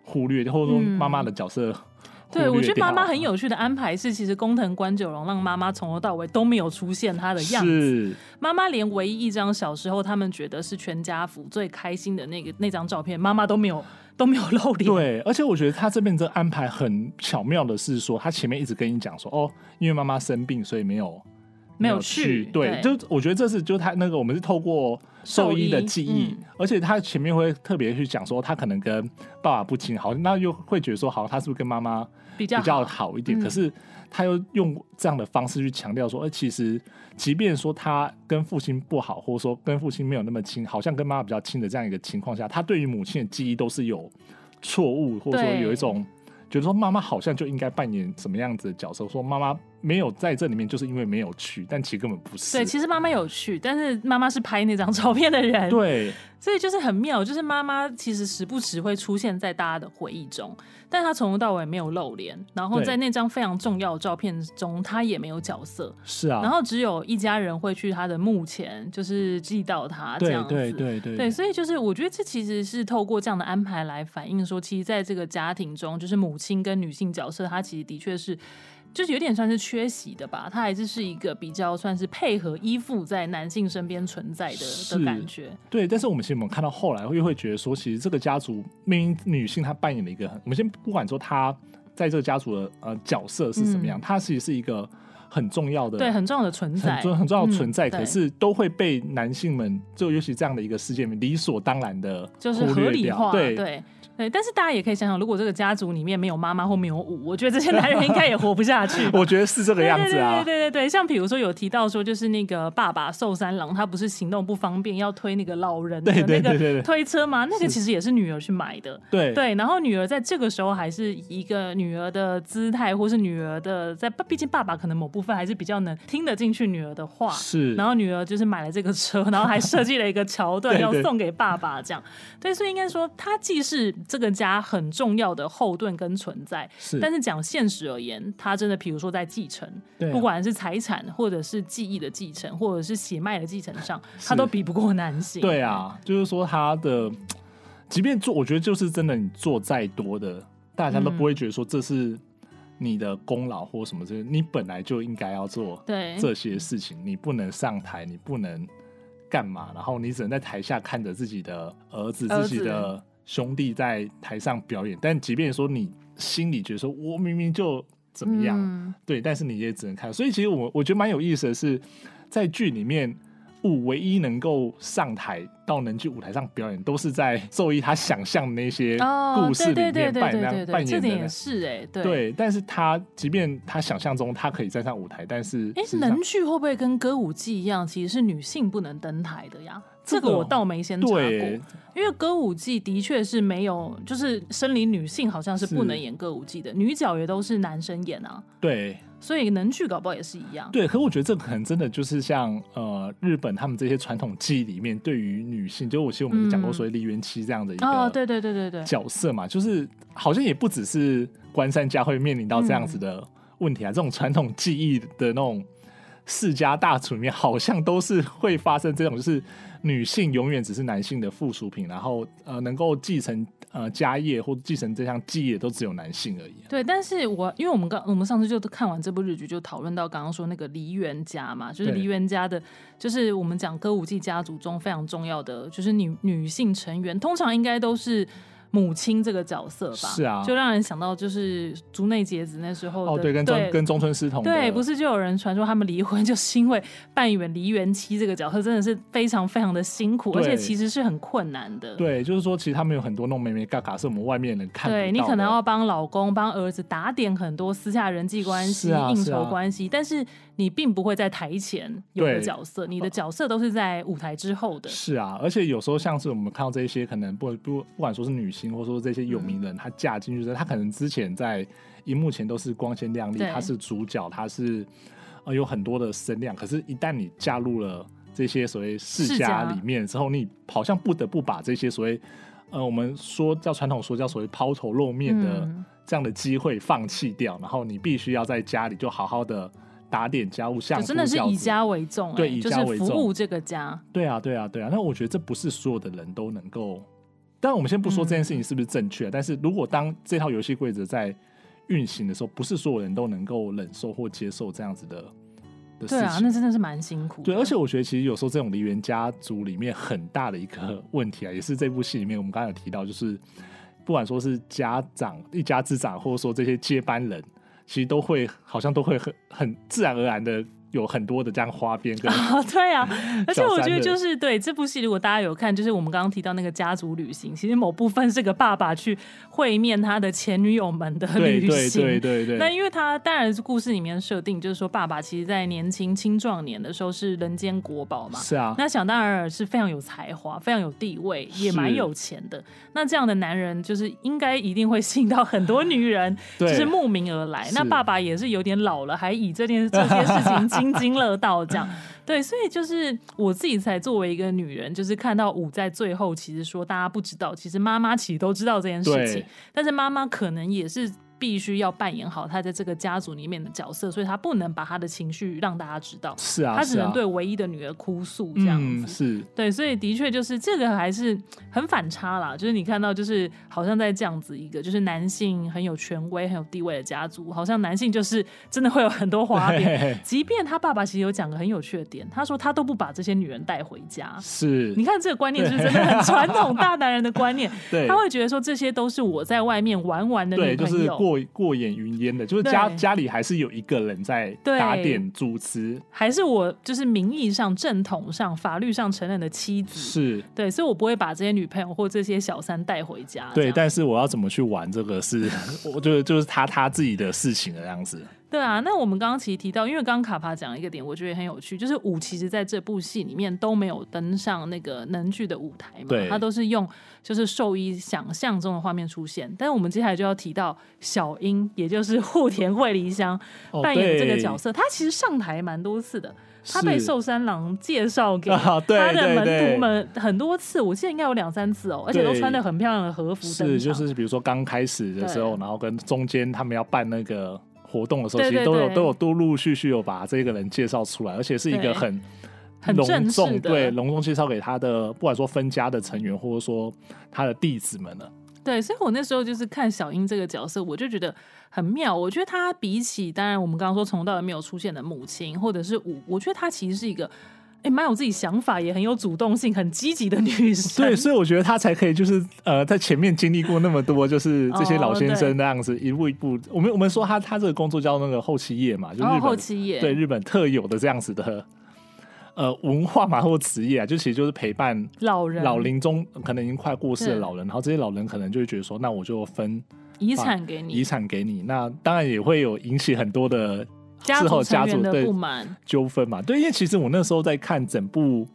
忽略，或者說媽媽的角色忽略、嗯。對，我覺得媽媽很有趣的安排是，其實工藤官九郎讓媽媽從頭到尾都沒有出現她的樣子，是。媽媽連唯一一張小時候他們覺得是全家福最開心的那個那張照片，媽媽都沒有。都沒有露臉。對，而且我覺得他這邊的安排很巧妙的是說，他前面一直跟你講說，哦，因為媽媽生病，所以沒有。沒有，沒有去，對，對，就我覺得這是就他那個我們是透過壽一的記憶，嗯、而且他前面會特別去講說他可能跟爸爸不親，好，那又會覺得說好，他是不是跟媽媽比較好一點好，嗯？可是他又用這樣的方式去強調說，哎，其實即便說他跟父親不好，或者說跟父親沒有那麼親，好像跟媽媽比較親的這樣一個情況下，他對於母親的記憶都是有錯誤，或者說有一種覺得說媽媽好像就應該扮演什麼樣子的角色，說媽媽。沒有在這裡面，就是因為沒有去，但其實根本不是。對，其實媽媽有去，但是媽媽是拍那張照片的人。對，所以就是很妙，就是媽媽其實時不時會出現在大家的回憶中，但她從頭到尾沒有露臉。然後在那張非常重要的照片中，她也沒有角色。是啊。然後只有一家人會去她的墓前，就是祭到她。對，這樣子。對對對對對。所以就是，我覺得這其實是透過這樣的安排來反映說，其實在這個家庭中，就是母親跟女性角色，她其實的確是，就是有點算是缺席的吧，他還是是一個比較算是配合依附在男性身邊存在的的感覺。對，但是我們其實我們看到後來又會覺得說，其實這個家族命運女性她扮演了一個很，我們先不管說她在這個家族的呃角色是什麼樣，她、嗯、其實是一個很重要的，對，很重要的存在，很很重要的存在、嗯，可是都會被男性們就尤其這樣的一個世界裡理所當然的，就是合理化，對。對對，但是大家也可以想想，如果這個家族裡面沒有媽媽或沒有舞，我覺得這些男人應該也活不下去。 我覺得是這個樣子啊。對對對對對，像比如說有提到說，就是那個爸爸壽三郎，他不是行動不方便，要推那個老人的那個推車嗎？那個其實也是女兒去買的。對對，然後女兒在這個時候還是一個女兒的姿態，或是女兒的在，畢竟爸爸可能某部分還是比較能聽得進去女兒的話。是。然後女兒就是買了這個車，然後還設計了一個橋段要 送給爸爸，這樣。對，所以應該說他既是。這個家很重要的後盾跟存在，是。但是講現實而言，他真的，比如說在繼承，啊、不管是財產或者是記憶的繼承，或者是血脈的繼承上，他都比不過男性。對啊對，就是說他的，即便做，我覺得就是真的，你做再多的，大家都不會覺得說這是你的功勞或什麼。這、嗯、你本來就應該要做這些事情，你不能上台，你不能幹嘛，然後你只能在台下看着自己的兒子，兒子自己的。兄弟在台上表演，但即便說你心裡覺得說，我明明就怎麼樣、嗯，對，但是你也只能看。所以其實我我覺得蠻有意思的是，是在劇裡面，五唯一能夠上台到能去舞台上表演，都是在壽一他想象的那些故事裡面扮扮演的。這點也是哎、欸，對。但是他即便他想象中他可以站上舞台，但是哎，能劇會不會跟歌舞伎一樣，其實是女性不能登台的呀？這個、這個我倒沒先查過，對，因為歌舞伎的確是沒有、嗯,就是生理女性好像是不能演歌舞伎的，女角也都是男生演啊。對，所以能劇搞不好也是一樣。對，可我覺得這可能真的就是像呃日本他們這些傳統技藝裡面，對於女性，就我其實我們講過所謂梨園妻這樣的一個角色嘛，嗯、就是好像也不只是觀山家會面臨到這樣子的問題啊，嗯、這種傳統技藝的那種世家大族裡面，好像都是會發生這種就是。女性永遠只是男性的附屬品，然後呃，能夠繼承呃家業或繼承這項技藝都只有男性而已啊。對，但是我因為我們剛我們上次就都看完這部日劇，就討論到剛剛說那個梨園家嘛，就是梨園家的，就是我們講歌舞伎家族中非常重要的就是女女性成員，通常應該都是。母親這個角色吧。是啊，就讓人想到就是竹內結子那時候哦，對，對，跟中跟中村獅童對，不是就有人傳說他們離婚，就是、因為扮演梨園妻這個角色真的是非常非常的辛苦，而且其實是很困難的。對，就是說其實他們有很多弄妹妹嘎嘎是我們外面人看不到的。對，你可能要幫老公、幫兒子打點很多私下人際關係、啊、應酬關係，是啊、但是。你並不會在台前有的角色，你的角色都是在舞台之後的、啊。是啊，而且有時候像是我們看到這些，可能不不不管說是女星，或者說這些有名人，她、嗯、嫁進去之後，她可能之前在熒幕前都是光鮮亮麗，她是主角，她、呃、是有很多的聲量。可是，一旦你嫁入了這些所謂世家裡面之後，你好像不得不把這些所謂呃我們說叫傳統說叫所謂拋頭露面的這樣的機會放棄掉、嗯，然後你必須要在家裡就好好的。打點家務，下，真的是以家為重。欸，對，以家為重，就是服務這個家。對啊，對啊，對啊。那我覺得這不是所有的人都能夠，當然我們先不說這件事情是不是正確。嗯。但是如果當這套遊戲規則在運行的時候，不是所有人都能夠忍受或接受這樣子的，的對啊，那真的是蠻辛苦。對，而且我覺得其實有時候這種梨園家族裡面很大的一個問題啊、嗯，也是這部戲裡面我們剛才有提到，就是不管說是家長一家之長，或者說這些接班人。其實都會，好像都會很很自然而然的。有很多的這樣花邊跟啊，對啊，而且我覺得就是對這部戲，如果大家有看，就是我們剛剛提到那個家族旅行，其實某部分是個爸爸去會面他的前女友們的旅行，對對對對，那因為他當然是故事裡面設定，就是說爸爸其實在年輕青壯年的時候是人間國寶嘛，是啊。那想當然是非常有才華、非常有地位、也蠻有錢的。那這樣的男人就是應該一定會吸引到很多女人對，就是慕名而來。那爸爸也是有點老了，還以這件這件事情，津津樂道，這樣對，所以就是我自己才作為一個女人，就是看到我在最後，其實說大家不知道，其實媽媽其實都知道這件事情，但是媽媽可能也是。必須要扮演好他在這個家族裡面的角色，所以他不能把他的情緒讓大家知道。是啊，他只能對唯一的女兒哭訴這樣子。是啊，是啊，嗯。是，對，所以的確就是這個還是很反差啦。就是你看到，就是好像在這樣子一個就是男性很有權威、很有地位的家族，好像男性就是真的會有很多花邊。即便他爸爸其實有講個很有趣的點，他說他都不把這些女人帶回家。是，你看這個觀念就是真的很傳統大男人的觀念。對，他會覺得說，這些都是我在外面玩玩的女朋友。對就是過過眼雲煙的，就是家家裡還是有一個人在打點主持，還是我就是名義上正統上法律上承認的妻子，是，對，所以我不會把這些女朋友或這些小三帶回家。對。對，但是我要怎麼去玩這個是，是 我就是就是他他自己的事情的樣子。對啊，那我們剛剛其實提到，因為剛剛卡帕講了一個點，我覺得很有趣，就是舞其實在這部戲裡面都沒有登上那個能劇的舞台嘛，對，他都是用就是壽一想象中的畫面出現。但是我們接下來就要提到小英，也就是戶田惠梨香、 哦、扮演的這個角色，她其實上台蠻多次的，她被壽三郎介紹給他的門徒們很多次，啊、多次我記得應該有兩三次哦，而且都穿的很漂亮的和服登場是，就是比如說剛開始的時候，然後跟中間他們要辦那個。活動的時候，其實都有對對對，都有陸陸續續有把這個人介紹出來，而且是一個很很隆重，對，隆重介紹給他的，不管說分家的成員，或者說他的弟子們了。對，所以我那時候就是看小英這個角色，我就覺得很妙。我覺得他比起當然我們剛剛說從到，沒有出現的母親，或者是我，我覺得他其實是一個。也蠻有自己想法，也很有主動性，很積極的女生。對，所以我覺得她才可以，就是呃，在前面經歷過那麼多，就是這些老先生那樣子一步一步。Oh, 我們我們說她她這個工作叫那個後期業嘛，就日、oh, 後期業，對日本特有的這樣子的呃文化嘛，或職業啊，就其實就是陪伴老，老人老齡中可能已經快過世的老人。然後這些老人可能就會覺得說，那我就分遺產給你，遺產給你。那當然也會有引起很多的。之後家族的不滿、哦、對糾紛嘛，對，因為其實我那時候在看整部，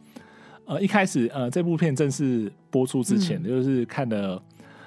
呃，一開始呃，這部片正式播出之前、嗯、就是看了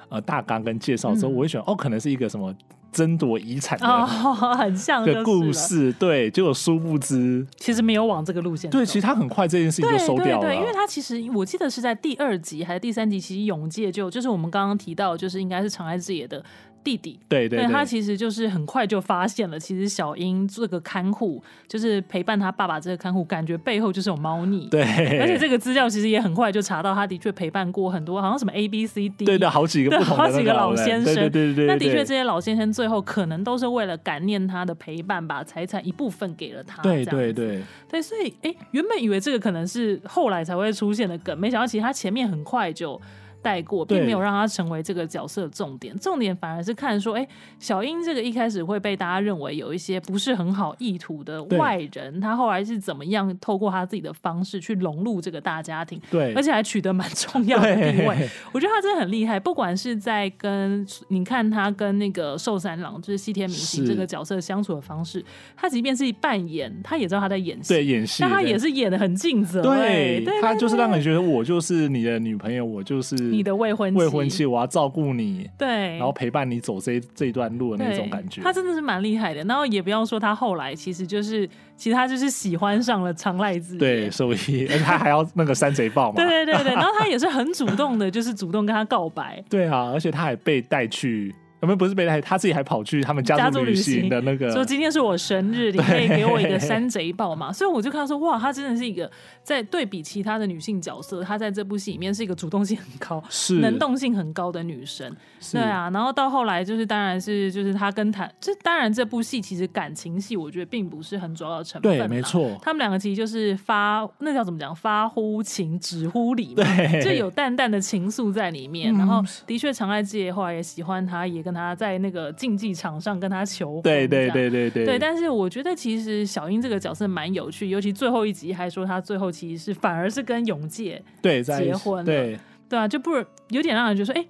呃大綱跟介紹之後、嗯，我會選哦，可能是一個什麼爭奪遺產的、哦，很像的故事，對，結果殊不知其實沒有往這個路線，對，其實他很快這件事情就收掉了，對對對對因為他其實我記得是在第二集還是第三集，其實永介就就是我們剛剛提到，就是應該是長愛之野的。弟弟，對對，對，對，但他其實就是很快就發現了，其實小英這個看護，就是陪伴他爸爸這個看護，感覺背後就是有貓膩。對，而且這個資料其實也很快就查到，他的確陪伴過很多，好像什麼 A B C D，對對，好幾個，個，好幾個老先生。對對對，對，對，對，那的確這些老先生最後可能都是為了感念他的陪伴，把財產一部分給了他。對對對，對，所以哎、欸，原本以為這個可能是後來才會出現的梗，沒想到其實他前面很快就帶過，並沒有讓他成為這個角色的重點，重點反而是看說，哎、欸，小英這個一開始會被大家認為有一些不是很好意圖的外人，他後來是怎麼樣透過他自己的方式去融入這個大家庭，對，而且還取得蠻重要的地位。我覺得他真的很厲害，不管是在跟你看他跟那個壽三郎，就是西田敏行這個角色相處的方式，他即便是扮演，他也知道他在演戲，對，演戲，但他也是演的很盡責，對對，對，對對。他就是讓你覺得我就是你的女朋友，我就是。你的未婚妻、未婚妻，我要照顧你，對，然後陪伴你走這這段路的那種感覺。他真的是蠻厲害的，然後也不要說他後來，其實就是其實他就是喜歡上了長瀨自己，對，所以 而且他還要那個山賊暴嘛，對對對對。然後他也是很主動的，就是主動跟他告白。 對啊，而且他還被帶去。我們不是被他他自己還跑去他們家族旅行的那個，說今天是我生日，你可以給我一個山賊抱嘛？所以我就看到說，哇，她真的是一個在對比其他的女性角色，她在這部戲裡面是一個主動性很高、是能動性很高的女生。對啊，然後到後來就是，當然是就是她跟他，這當然這部戲其實感情戲我覺得並不是很主要的成分。對，沒錯，他們兩個其實就是發那叫怎麼講，發乎情，止乎禮，就有淡淡的情愫在裡面。嗯、然後的確，常愛之也後來也喜歡他，也。跟他在那個競技場上跟他求婚，對對對對對。對，但是我覺得其實小英這個角色蠻有趣，尤其最後一集還說他最後其實是反而是跟永介對在結婚對對，對啊，就不是有點讓人覺得，說，哎，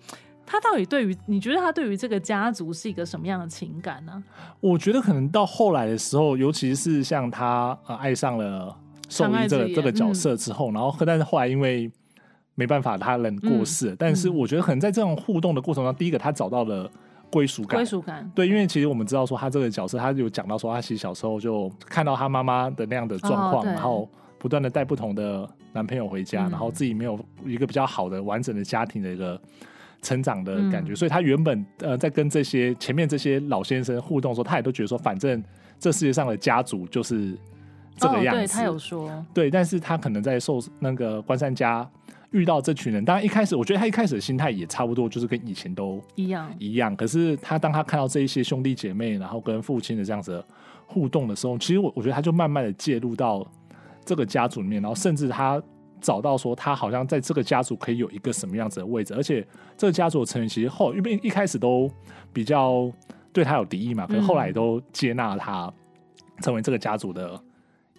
他到底對於你覺得他對於這個家族是一個什麼樣的情感呢、啊？我覺得可能到後來的時候，尤其是像他呃愛上了宋伊這個、嗯、這個角色之後，然後，但是後來因為沒辦法，他冷過世，但是我覺得可能在這種互動的過程中、嗯，第一個他找到了。歸屬感，歸屬感，對，因為其實我們知道說他這個角色，他有講到說他其實小時候就看到他媽媽的那樣的狀況，哦、然後不斷的帶不同的男朋友回家、嗯，然後自己沒有一個比較好的完整的家庭的一個成長的感覺，嗯、所以他原本呃在跟這些前面這些老先生互動的時候，他也都覺得說反正這世界上的家族就是這個樣子，哦、對他有說，對，但是他可能在受那個觀山家。遇到這群人，當然一開始，我覺得他一開始的心態也差不多，就是跟以前都一樣一樣。可是他當他看到這一些兄弟姐妹，然後跟父親的這樣子互動的時候，其實我我覺得他就慢慢的介入到這個家族裡面，然後甚至他找到說他好像在這個家族可以有一個什麼樣子的位置，而且這個家族的成員其實後因為一開始都比較對他有敵意嘛，可是後來都接納了他成為這個家族的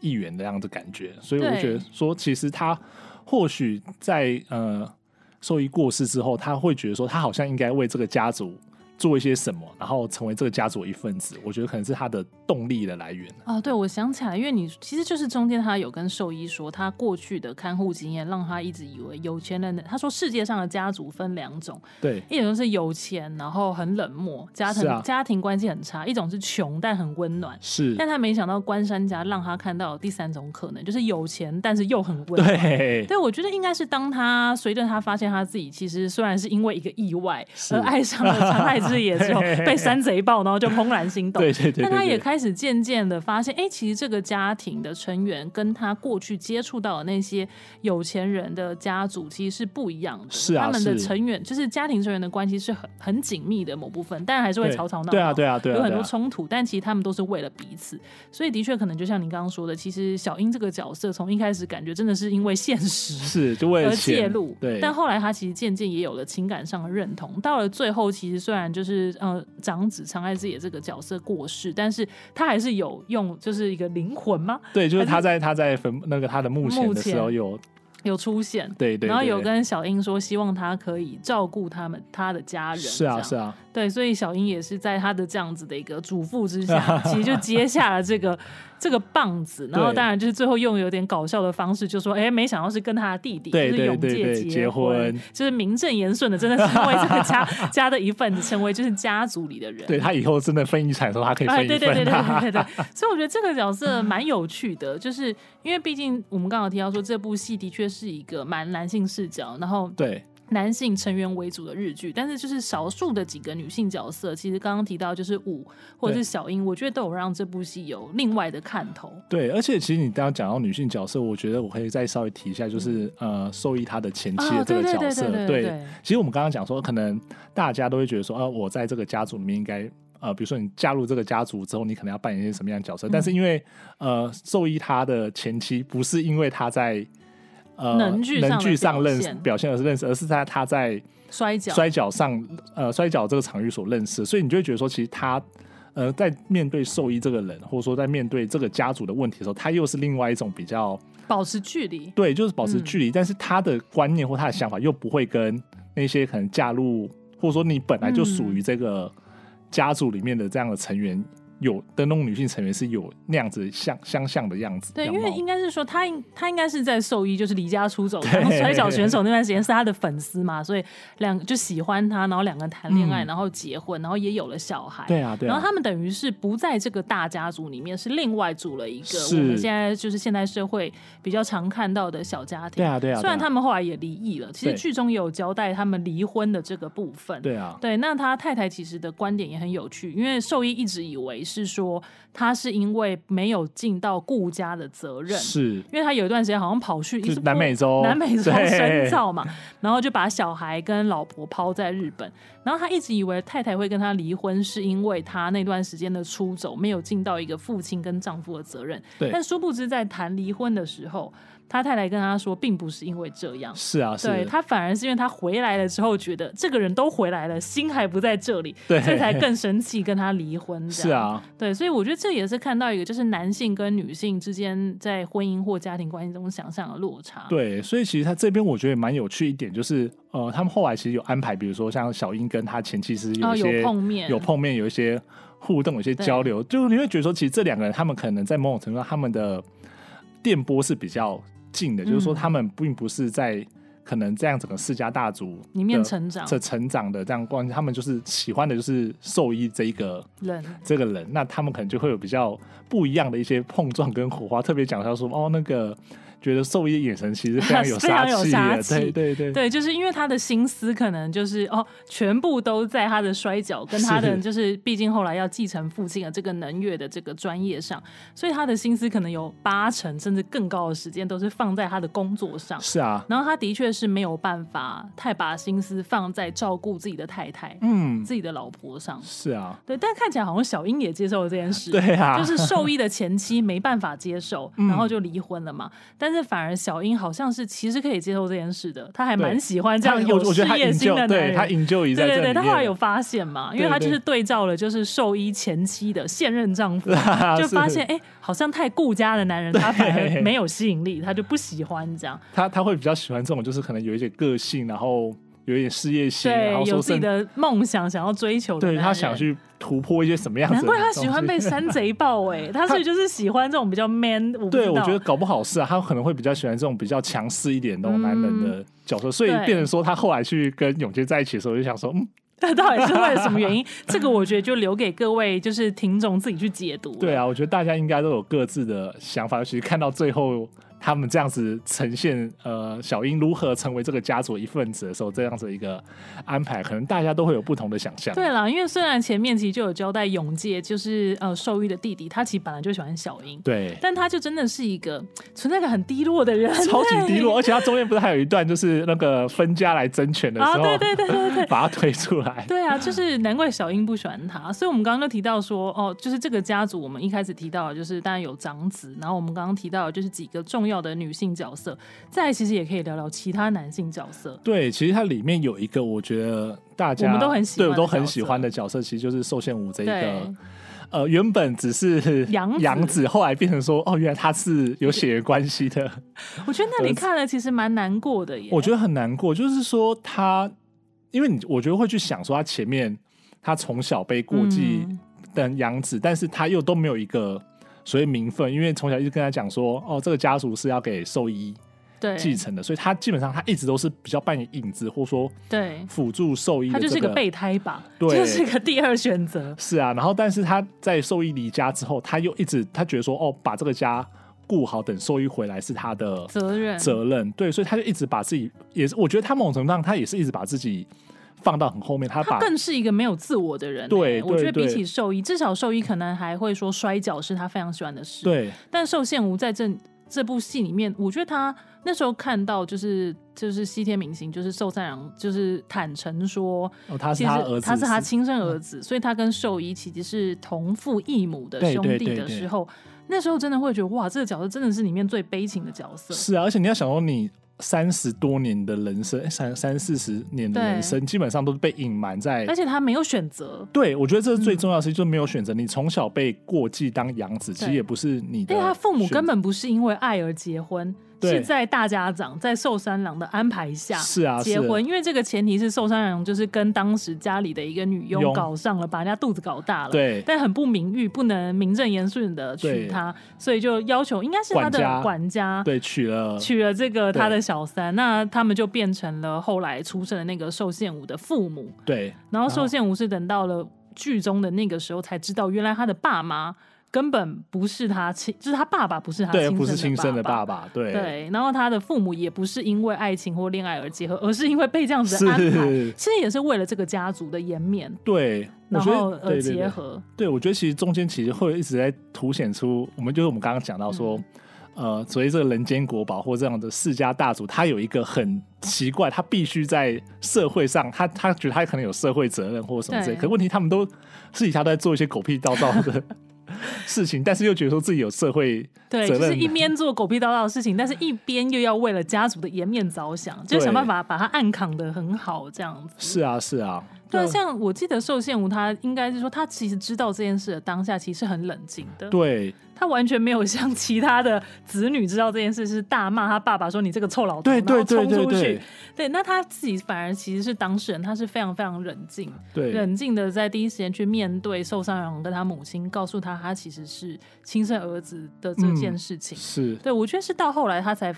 一員的樣子感覺，嗯、所以我覺得說其實他。或許在呃，壽一過世之後，他會覺得說，他好像應該為這個家族，做一些什麼，然後成為這個家族一份子，我覺得可能是他的動力的來源。啊，對，我想起來，因為你其實就是中間他有跟獸醫說，他過去的看護經驗讓他一直以為有錢人，他說世界上的家族分兩種，對，一種是有錢然後很冷漠，家庭、啊、家庭關係很差；一種是窮但很溫暖。是，但他沒想到觀山家讓他看到第三種可能，就是有錢但是又很溫暖，對。對，我覺得應該是當他隨着他發現他自己其實雖然是因為一個意外而愛上了他。海。 是也就被山賊抱，然後就怦然心動。 對對對，對。但他也開始漸漸的發現，哎、欸，其實這個家庭的成員跟他過去接觸到的那些有錢人的家族其實是不一樣的。是、啊、他們的成員是、啊、是就是家庭成員的關係是很很緊密的某部分，但還是會吵吵鬧鬧。對啊對啊對，啊對啊有很多衝突，但其實他們都是為了彼此。所以的確可能就像您剛剛說的，其實小英這個角色從一開始感覺真的是因為現實是就為了錢而介入。對。但後來他其實漸漸也有了情感上的認同。到了最後，其實雖然就是呃，長子長瀨智也的這個角色過世，但是他還是有用，就是一個靈魂嗎？對，就是他在是他在墳那個他的墓前的時候有有出現，對,對對，然後有跟小英說，希望他可以照顧他們他的家人，是啊是啊。對，所以小英也是在他的這樣子的一個囑咐之下，其實就接下了這個 這個棒子，然後當然就是最後用有點搞笑的方式，就說哎、欸，沒想到是跟他的弟弟就是永介結，結婚，就是名正言順的，真的是因為這個家家 的一份子，成為就是家族裡的人。對，他以後真的分遺產的時候，他可以分一份。對對對對對對，對，對。 所以我覺得這個角色蠻有趣的，就是因為畢竟我們剛剛提到說，這部戲的確是一個蠻男性視角，然後對。男性成員為主的日劇，但是就是少數的幾個女性角色，其實剛剛提到就是舞或者是小櫻，我覺得都有讓這部戲有另外的看頭。對，而且其實你剛剛講到女性角色，我覺得我可以再稍微提一下，就是、嗯、呃，壽一他的前妻的這個角色、哦對對對對對對對。對，其實我們剛剛講說，可能大家都會覺得說，呃，我在這個家族裡面應該呃，比如說你加入這個家族之後，你可能要扮演一些什麼樣的角色？嗯、但是因為呃，壽一他的前妻不是因為他在。呃，能劇能劇上認識，表現的是認識，而是在他，他在摔角摔角上，呃，摔角這個場域所認識，所以你就會覺得說，其實他呃，在面對壽一這個人，或者說在面對這個家族的問題的時候，他又是另外一種比較保持距離，對，就是保持距離、嗯，但是他的觀念或他的想法又不會跟那些可能嫁入，或者說你本來就屬於這個家族裡面的這樣的成員。嗯有的那種女性成員是有那樣子相相像，像的樣子，對，因為應該是說她應她應該是在獸醫，就是離家出走對，然後摔角選手那段時間是她的粉絲嘛，所以兩就喜歡她，然後兩個人談戀愛，嗯，然後結婚，然後也有了小孩，對啊，對啊，然後他們等於是不在這個大家族裡面，是另外組了一個我們現在就是現代社會比較常看到的小家庭，對啊，對啊，雖然他們後來也離異了，其實劇中也有交代他們離婚的這個部分，對啊，對，那他太太其實的觀點也很有趣，因為獸醫一直以為。是說，他是因為沒有盡到顧家的責任，是因為他有一段時間好像跑去南美洲，南美洲深造嘛，然後就把小孩跟老婆拋在日本，然後他一直以為太太會跟他離婚，是因為他那段時間的出走沒有盡到一個父親跟丈夫的責任，對。但殊不知，在談離婚的時候。他太太跟他說，並不是因為這樣，是啊，對，是。他反而是因為他回來了之後，覺得這個人都回來了，心還不在這裡，對，這才更生氣跟他離婚。是啊，對，所以我覺得這也是看到一個，就是男性跟女性之間在婚姻或家庭關係中想象的落差。對，所以其實他這邊我覺得也蠻有趣一點，就是呃，他們後來其實有安排，比如說像小英跟他前妻是有一些、啊、有碰面，有碰面，有一些互動，有一些交流，就你會覺得說，其實這兩個人他們可能在某種程度上，他們的電波是比較。的就是說，他們並不是在可能這樣整個世家大族裡面成長、的成長的這樣關係，他們就是喜歡的就是獸醫這一個人，這個人，那他們可能就會有比較不一樣的一些碰撞跟火花。特別講他說，哦，那個。覺得獸醫的眼神其實非常有殺氣，對對對，對，對，就是因為他的心思可能就是哦，全部都在他的摔角跟他的就是，是是畢竟後來要繼承父親的這個能樂的這個專業上，所以他的心思可能有八成甚至更高的時間都是放在他的工作上。是啊，然後他的確是沒有辦法太把心思放在照顧自己的太太，嗯，自己的老婆上。是啊，對，但看起來好像小英也接受了這件事，對啊，就是獸醫的前妻沒辦法接受， 嗯、然後就離婚了嘛，但是反而小英好像是其實可以接受這件事的，她還蠻喜歡這樣有事業心的男人。對，她享受在這裡。對對對，她後來有發現嘛，因為她就是對照了就是獸醫前妻的現任丈夫，對對對，就發現哎、欸，好像太顧家的男人，他反而沒有吸引力，嘿嘿，他就不喜歡這樣。他他會比較喜歡這種，就是可能有一些個性，然後。有點事業心，對然後，有自己的夢想，想要追求的。對，他想去突破一些什麼樣子的？難怪他喜歡被山賊包圍，欸， 他所以就是喜歡這種比較 man。對，我覺得搞不好是啊，他可能會比較喜歡這種比較強勢一點的男人的角色，嗯，所以變成說他後來去跟永杰在一起的時候，就想說，嗯，他到底是為了什麼原因？ 這個我覺得就留給各位就是聽眾自己去解讀。對啊，我覺得大家應該都有各自的想法，尤其是看到最後。他們這樣子呈現，呃，小櫻如何成為這個家族一份子的時候，這樣子一個安排，可能大家都會有不同的想象。對啦，因為雖然前面其實就有交代，永介就是呃壽一的弟弟，他其實本來就喜歡小櫻。對，但他就真的是一個存在感很低落的人，超級低落。而且他中間不是還有一段就是那個分家來爭權的時候，對、啊、對對對對， 把他推出來。對啊，就是難怪小櫻不喜歡他。所以我們剛剛都提到說，哦，就是這個家族，我們一開始提到的就是當然有長子，然後我們剛剛提到的就是幾個重。重要的女性角色，再來其實也可以聊聊其他男性角色。對，其實它裡面有一個我覺得大家我們都很喜對，我都很喜歡的角色，角色其實就是壽限無這一個。呃，原本只是楊楊子，子，後來變成說，哦，原來他是有血緣關係的。我覺得那你看了其實蠻難過的耶，我覺得很難過，就是說他，因為你我覺得會去想說他前面他從小被過繼的楊子、嗯，但是他又都沒有一個。所以名分，因為從小一直跟他講說，哦，這個家族是要給壽一繼承的。對，所以他基本上他一直都是比較扮演影子，或說，說輔助壽一的，這個。他就是一個備胎吧，對，就是一個第二選擇。是啊，然後但是他在壽一離家之後，他又一直他覺得說，哦，把這個家顧好，等壽一回來是他的責任，責任。對，所以他就一直把自己，也是我覺得他某種程度上，他也是一直把自己。放到很後面，他他更是一個沒有自我的人，欸對。對，我覺得比起壽一，至少壽一可能還會說摔角是他非常喜歡的事。對。但壽限無在這這部戲裡面，我覺得他那時候看到就是就是西田敏行，就是壽三郎，就是坦誠說，哦、他是他兒子，他是他親生兒子，嗯、所以他跟壽一其實是同父異母的兄弟的時候，那時候真的會覺得哇，這個角色真的是裡面最悲情的角色。是啊，而且你要想說你。三十多年的人生，三三四十年的人生，基本上都是被隱瞞在，而且他沒有選擇。對，我覺得這是最重要的事情，嗯、就沒有選擇。你從小被過繼當養子，其實也不是你的。對，他父母根本不是因為愛而結婚。是在大家長在壽三郎的安排下是啊結婚，因為這個前提是壽三郎就是跟當時家裡的一個女傭搞上了，把人家肚子搞大了，對，但很不名譽，不能名正言順的娶她，所以就要求應該是他的管家，管家對娶了娶了這個他的小三，那他們就變成了後來出生的那個壽限武的父母，對，然後，然後壽限武是等到了劇中的那個時候才知道，原來他的爸媽。根本不是他親，就是他爸爸不是他親生的爸爸，對不是親生的爸爸對。對，然後他的父母也不是因為愛情或戀愛而結合，而是因為被這樣子的安排，其實也是為了這個家族的顏面。對，然後而、呃、結合。對，對，對，對，對我覺得，其實中間其實會一直在凸顯出，我們就是我們剛剛講到說，嗯、呃，所以這個人間國寶或這樣的世家大族，他有一個很奇怪，他必須在社會上，他他覺得他可能有社會責任或者什麼之類，可問題他們都私底下都在做一些狗屁倒灶。的。 事情，但是又覺得說自己有社會，對，就是一邊做狗屁叨叨的事情，但是一邊又要為了家族的顏面着想，就想辦法把它暗扛得很好，這樣子。是啊，是啊。對，像我記得壽限武，他應該是說，他其實知道這件事的當下，其實是很冷靜的。對，他完全沒有像其他的子女知道這件事，是大罵他爸爸說：“你這個臭老頭！”對對，衝出去對對對。對，那他自己反而其實是當事人，他是非常非常冷靜，對，冷靜的在第一時間去面對受傷人跟他母親，告訴他他其實是親生兒子的這件事情。嗯、是，對我覺得是到後來他才，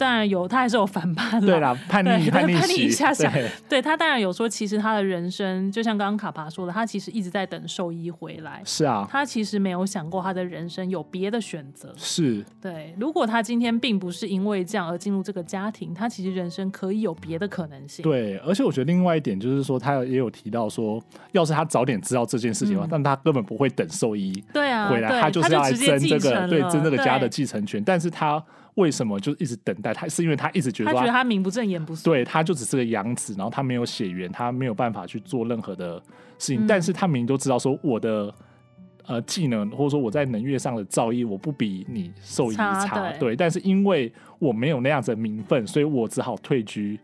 當然有，他還是有反叛的。對啦，叛逆，叛逆，叛逆一下是。對，他當然有說，其實他的人生就像剛剛卡爬說的，他其實一直在等壽一回來。是啊。他其實沒有想過他的人生有別的選擇。是。對，如果他今天並不是因為這樣而進入這個家庭，他其實人生可以有別的可能性。對，而且我覺得另外一點就是說，他也有提到說，要是他早點知道這件事情的話，嗯、但他根本不會等壽一。對啊。回來，他就是要爭這個，對爭這個家的繼承權，但是他。為什麼就一直等待他？是因為他一直覺得他，他覺得他名不正言不順，對，他就只是個養子，然後他沒有血緣，他沒有辦法去做任何的事情。嗯、但是他明明都知道說我的呃技能或者說我在能樂上的造詣，我不比你受益差，差對。對，但是因為我沒有那樣子的名分，所以我只好退居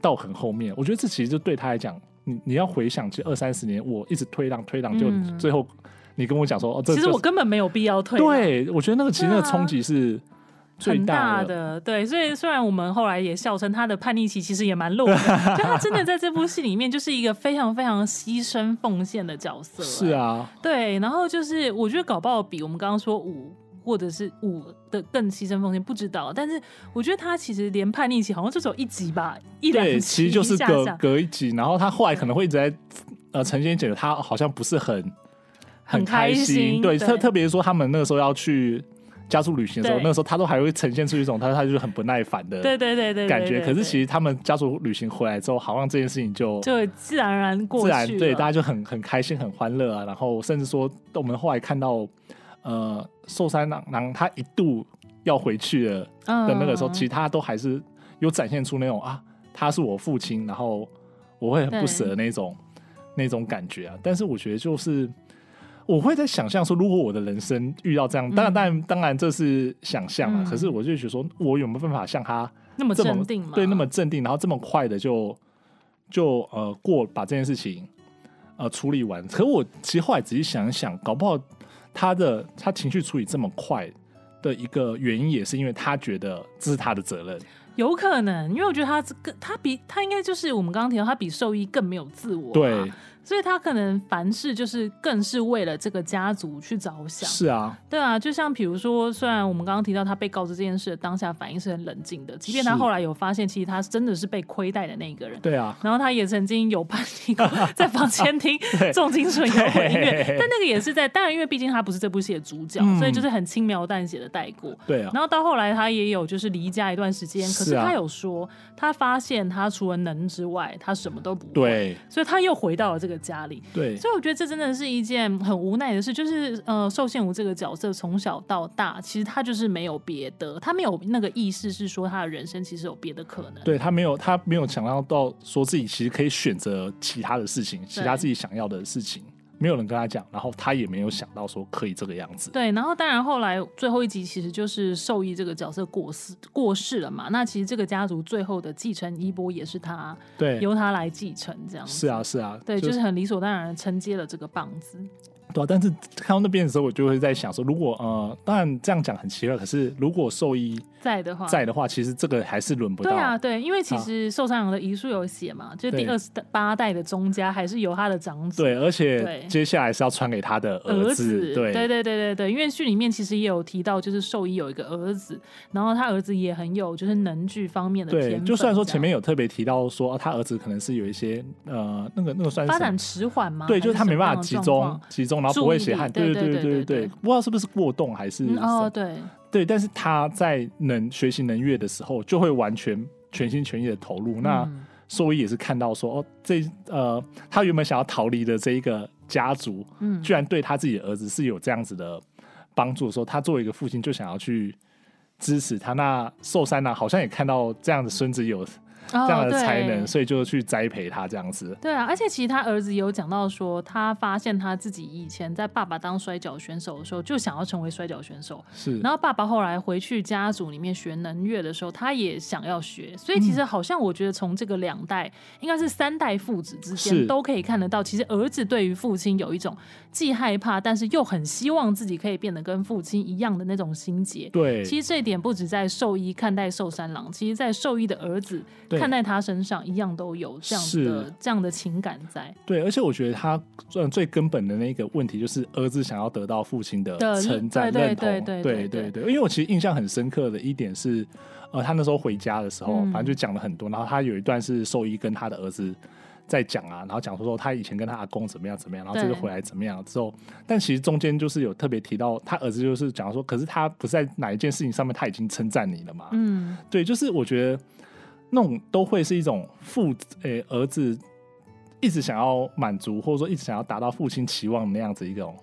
到很後面。我覺得這其實就對他來講，你你要回想起二三十年，我一直退讓退讓，就最後你跟我講說、哦，其實我根本沒有必要退。對，我覺得那個其實那個衝擊是很大的，最大的，對，所以雖然我們後來也笑稱他的叛逆期其實也蠻弱的， 就他真的在這部戲裡面就是一個非常非常犧牲奉獻的角色，啊。是啊，對，然後就是我覺得搞不好比我們剛剛說五或者是五的更犧牲奉獻，不知道，但是我覺得他其實連叛逆期好像就只有一集吧，對一兩集一下下，其實就是隔隔一集，然後他後來可能會一直在呃、呃呈現覺得他好像不是很很開、很開心，對，對特特別說他們那個時候要去。家族旅行的時候，那時候他都還會呈現出一種他他就是很不耐煩的對對對對感覺。可是其實他們家族旅行回來之後，好像這件事情就就自然而然過去了自然對大家就很很開心很歡樂啊。然後甚至說，我們後來看到，呃，壽三郎他一度要回去了的那個時候，嗯、其實他都還是有展現出那種啊，他是我父親，然後我會很不舍那種那種感覺啊。但是我覺得就是。我會在想象說，如果我的人生遇到這樣，當然當然、嗯、當然，當然這是想象啊、嗯。可是我就覺得說，我有沒有辦法像他這麼那麼鎮定，對那麼鎮定，然後這麼快的就就呃過把這件事情呃處理完？可我其實後來仔細想一想，搞不好他的他情緒處理這麼快的一個原因，也是因為他覺得這是他的責任。有可能，因為我覺得他這個他比他應該就是我們剛剛提到，他比壽一更沒有自我、啊。對。所以他可能凡事就是更是為了這個家族去着想是啊，對啊，就像比如說，雖然我們剛剛提到他被告知這件事當下反應是很冷靜的，即便他後來有發現，其實他真的是被虧待的那一個人。對啊。然後他也曾經有半過， 在房間間聽 對 重金屬搖滾音樂，但那個也是在當然，因為畢竟他不是這部戲的主角、嗯，所以就是很輕描淡寫的帶過。對啊。然後到後來他也有就是離家一段時間、啊，可是他有說他發現他除了能之外，他什麼都不會，對，所以他又回到了這個。家裡對，所以我覺得這真的是一件很無奈的事。就是呃，壽限無這個角色從小到大，其實他就是沒有別的，他沒有那個意識是說他的人生其實有別的可能。對他沒有，他沒有想到到說自己其實可以選擇其他的事情，其他自己想要的事情。沒有人跟他講，然後他也沒有想到說可以這個樣子。對，然後當然後來最後一集其實就是獸醫這個角色過世過世了嘛，那其實這個家族最後的繼承衣缽也是他，對，由他來繼承這樣。是啊，是啊，對，就是，就是很理所當然的承接了這個棒子。對啊，但是看到那邊的時候，我就會在想說，如果呃，當然這樣講很奇怪，可是如果獸醫。在的話，在的話，其實這個還是輪不到。對啊，對，因為其實受傷人的遺書有寫嘛、啊，就第二十八代的宗家還是由他的長子。對，對，而且接下來是要傳給他的兒子。對，對，對，對，對，對。因為劇裡面其實也有提到，就是獸醫有一個兒子，然後他兒子也很有，就是能劇方面的天賦。對，就雖然說前面有特別提到說、啊、他兒子可能是有一些呃那個那個算發展遲緩嗎？對，是就是他沒辦法集中集中，然後不會寫漢字對，對，對，對，對，對，對，對，對，不知道是不是過動還是、嗯、哦，對。對，但是他在能學習能樂的時候，就會完全全心全意的投入。嗯、那壽一也是看到說，哦，這呃，他原本想要逃離的這一個家族、嗯，居然對他自己的兒子是有這樣子的幫助說。說他作為一個父親，就想要去支持他。那壽山呢、啊，好像也看到這樣的孫子有。這樣的才能，oh，所以就去栽培他這樣子。對啊，而且其實他兒子有講到說，他發現他自己以前在爸爸當摔角選手的時候，就想要成為摔角選手。是。然後爸爸後來回去家族裡面學能樂的時候，他也想要學。所以其實好像我覺得從這個兩代，嗯、應該是三代父子之間都可以看得到，其實兒子對於父親有一種既害怕，但是又很希望自己可以變得跟父親一樣的那種心結。對。其實這一點不止在壽一看待壽三郎，其實在壽一的兒子。對。看在他身上一樣都有這樣的、這樣的情感在。對，而且我覺得他最最根本的那個問題就是兒子想要得到父親的稱讚、認同。對對對對，對，對，對，對，對，因為我其實印象很深刻的一點是，呃，他那時候回家的時候、嗯，反正就講了很多。然後他有一段是壽一跟他的兒子在講啊，然後講說說他以前跟他阿公怎麼樣怎麼樣，然後這次回來怎麼樣之後。但其實中間就是有特別提到他兒子，就是講說，可是他不是在哪一件事情上面，他已經稱讚你了嘛？嗯，對，就是我覺得。那種都會是一種父，誒、欸，兒子一直想要滿足，或者說一直想要達到父親期望的那樣子一種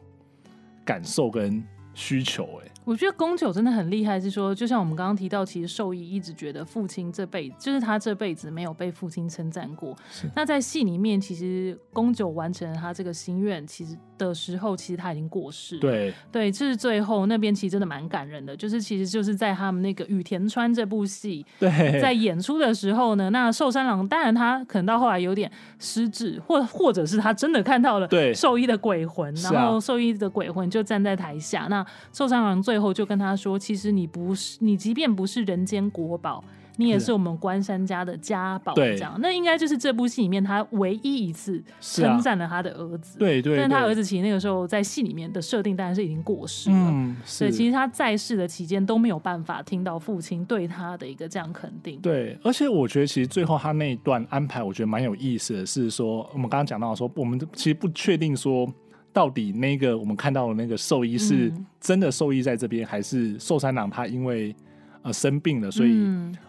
感受跟需求，誒。我覺得宮九真的很厲害，是說，就像我們剛剛提到，其實壽一一直覺得父親這輩子就是他這輩子沒有被父親稱讚過。那在戲裡面，其實宮九完成了他這個心願，其實的時候，其實他已經過世了。對。對，這是最後那邊其實真的蠻感人的，就是其實就是在他們那個隅田川這部戲，對在演出的時候呢，那壽三郎當然他可能到後來有點失智，或、或者是他真的看到了壽一的鬼魂，然後、啊、壽一的鬼魂就站在台下，那壽三郎最後。最後就跟他說：“其實你不是，你即便不是人間國寶，你也是我們關山家的家寶。”這樣，啊、那應該就是這部戲裡面他唯一一次稱讚了他的兒子。啊、對，對對，但他兒子其實那個時候在戲裡面的設定當然是已經過世了，嗯，所以其實他在世的期間都沒有辦法聽到父親對他的一個這樣肯定。對，而且我覺得其實最後他那一段安排，我覺得蠻有意思的是說，我們剛剛講到說，我們其實不確定說。到底那個我們看到的那個壽一是真的壽一在這邊，還是壽三郎他因為呃生病了，所以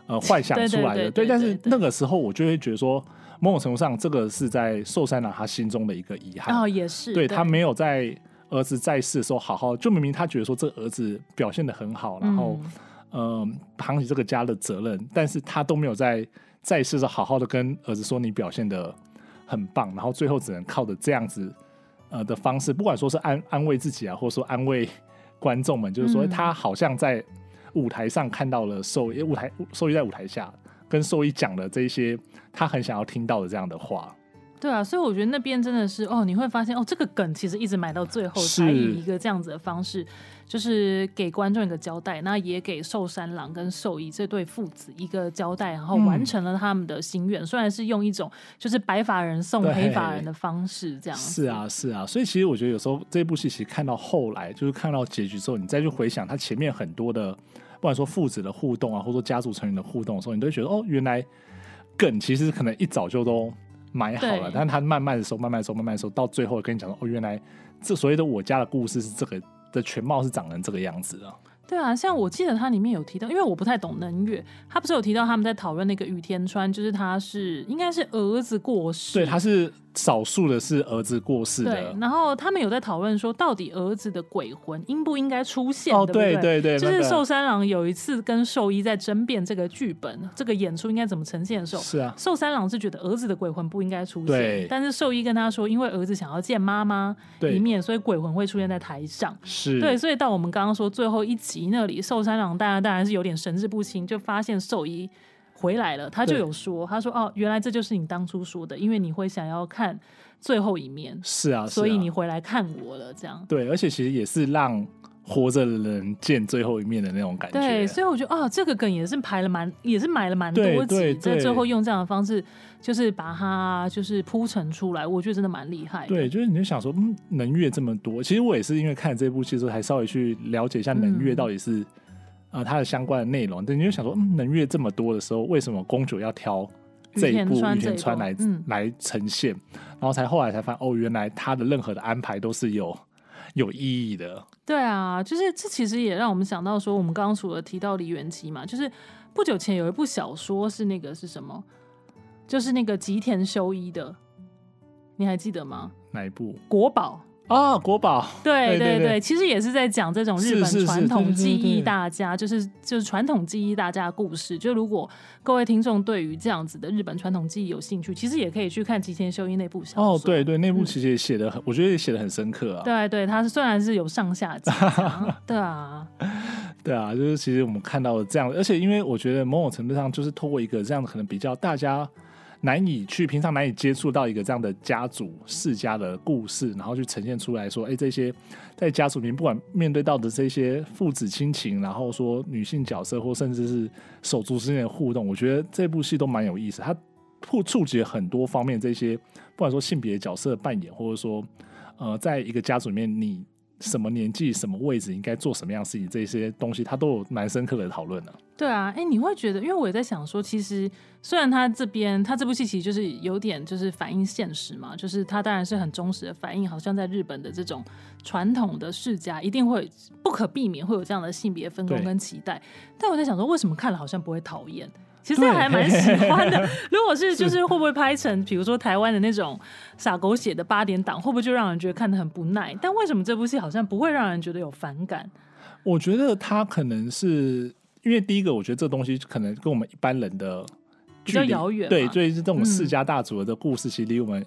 呃幻想出來的？對，但是那個時候我就會覺得說，某種程度上這個是在壽三郎他心中的一個遺憾。也是，對，他沒有在兒子在世的時候好好，就明明他覺得說這個兒子表現得很好，然後嗯、呃、扛起這個家的責任，但是他都沒有在在世的時候好好的跟兒子說你表現得很棒，然後最後只能靠着這樣子。呃的方式，不管說是安安慰自己啊，或者說安慰觀眾們、嗯，就是說他好像在舞台上看到了壽一，舞台，壽一在舞台下跟壽一講了這一些他很想要聽到的這樣的話。對啊，所以我覺得那邊真的是哦，你會發現哦，這個梗其實一直埋到最後，才以一個這樣子的方式，是就是給觀眾一個交代，那也給壽三郎跟壽一這對父子一個交代，然後完成了他們的心願，嗯、雖然是用一種就是白髮人送黑髮人的方式，這樣。是啊，是啊，所以其實我覺得有時候，這部戲其實看到後來，就是看到結局之後，你再去回想他前面很多的，不管說父子的互動啊，或者說家族成員的互動的時候，你都會覺得哦，原來梗其實可能一早就都。買好了，但他慢慢的收，慢慢的收，慢慢的收，到最後跟你講哦，原來這所謂的我家的故事是這個的全貌是長成這個樣子的。對啊，像我記得他裡面有提到，因為我不太懂能樂，他不是有提到他們在討論那個雨天川，就是他是，應該是兒子過世，對，他是。少數的是兒子過世的，對，然後他們有在討論說，到底兒子的鬼魂應不應該出現？哦，對對，對對對，就是壽三郎有一次跟壽一在爭辯這個劇本，這個演出應該怎麼呈現的時候。是啊，壽三郎是覺得兒子的鬼魂不應該出現，對，但是壽一跟他說，因為兒子想要見媽媽一面對，所以鬼魂會出現在台上。是對，所以到我們剛剛說最後一集那裡，壽三郎大家當然是有點神志不清，就發現壽一。回來了，他就有說，他說哦，原來這就是你當初說的，因為你會想要看最後一面。是啊，是啊，所以你回來看我了，這樣對，而且其實也是讓活着的人見最後一面的那種感覺，對，所以我覺得啊、哦，這個梗也是排了蠻，也是買了蠻多集，對對對，在最後用這樣的方式，就是把它就是鋪陳出來，我覺得真的蠻厲害的，對，就是你就想說，嗯，能樂這麼多，其實我也是因為看這部戲的時候，還稍微去了解一下能樂到底是。嗯啊、呃，它的相關的內容，但你就想說，嗯、能樂這麼多的時候，為什麼宮九要挑這一部《隅田川》來、嗯、來呈現？然後才後來才發現，哦，原來他的任何的安排都是有有意義的。對啊，就是這其實也讓我們想到說，我們剛剛除了提到梨園嘛，就是不久前有一部小說是那個是什麼？就是那個吉田修一的，你還記得嗎？哪一部？國寶。啊，國寶。對對對，其實也是在講這種日本傳統技藝，大家是是是就是就是傳統技藝大家的故事。就如果各位聽眾對於這樣子的日本傳統技藝有興趣，其實也可以去看吉田修一那部小說。哦，對對，對，那部其實也寫的很、嗯，我覺得也寫的很深刻啊。對對，對，他是雖然是有上下集、 啊。對啊。對啊，就是其實我們看到了這樣，而且因為我覺得某種程度上就是透過一個這樣子，可能比較大家。難以去平常難以接觸到一個這樣的家族世家的故事，然後去呈現出來說，哎、欸，這些在家族裡面不管面對到的這些父子親情，然後說女性角色或甚至是手足之間的互動，我覺得這部戲都蠻有意思。它會觸及很多方面，這些不管說性別角色扮演，或者說呃，在一個家族裡面你什麼年紀什麼位置應該做什麼樣的事情，這些東西它都有蠻深刻的討論的。對啊，哎，你會覺得，因為我也在想說，其實雖然他這邊他這部戲其實就是有點就是反映現實嘛，就是他當然是很忠實的反映，好像在日本的這種傳統的世家一定會不可避免會有這樣的性別分工跟期待。但我在想說，為什麼看了好像不會討厭？其實還蠻喜歡的。 如果是就是會不會拍成比如說台灣的那種灑狗血的八點檔，會不會就讓人覺得看得很不耐？但為什麼這部戲好像不會讓人覺得有反感？我覺得他可能是。因為第一個，我覺得這東西可能跟我們一般人的距離對，所以是這種世家大族的故事，其實離我們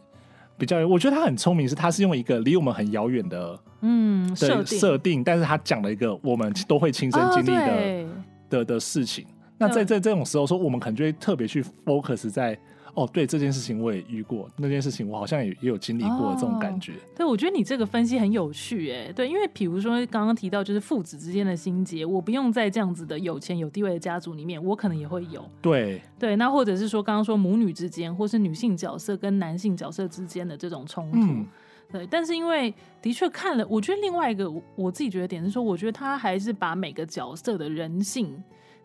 比較遠、嗯。我覺得他很聰明，是他是用一個離我們很遙遠的，嗯，設定，設定，但是他講了一個我們都會親身經歷的、哦、的的事情。那在這這種時候，說我們可能就會特別去 focus 在。哦，對，這件事情我也遇過，那件事情我好像也也有經歷過這種感覺、哦。對，我覺得你這個分析很有趣、欸，哎，對，因為比如說剛剛提到就是父子之間的心結，我不用在這樣子的有錢有地位的家族裡面，我可能也會有。對對，那或者是說剛剛說母女之間，或是女性角色跟男性角色之間的這種衝突、嗯，對，但是因為的確看了，我覺得另外一個我自己覺得點是說，我覺得他還是把每個角色的人性，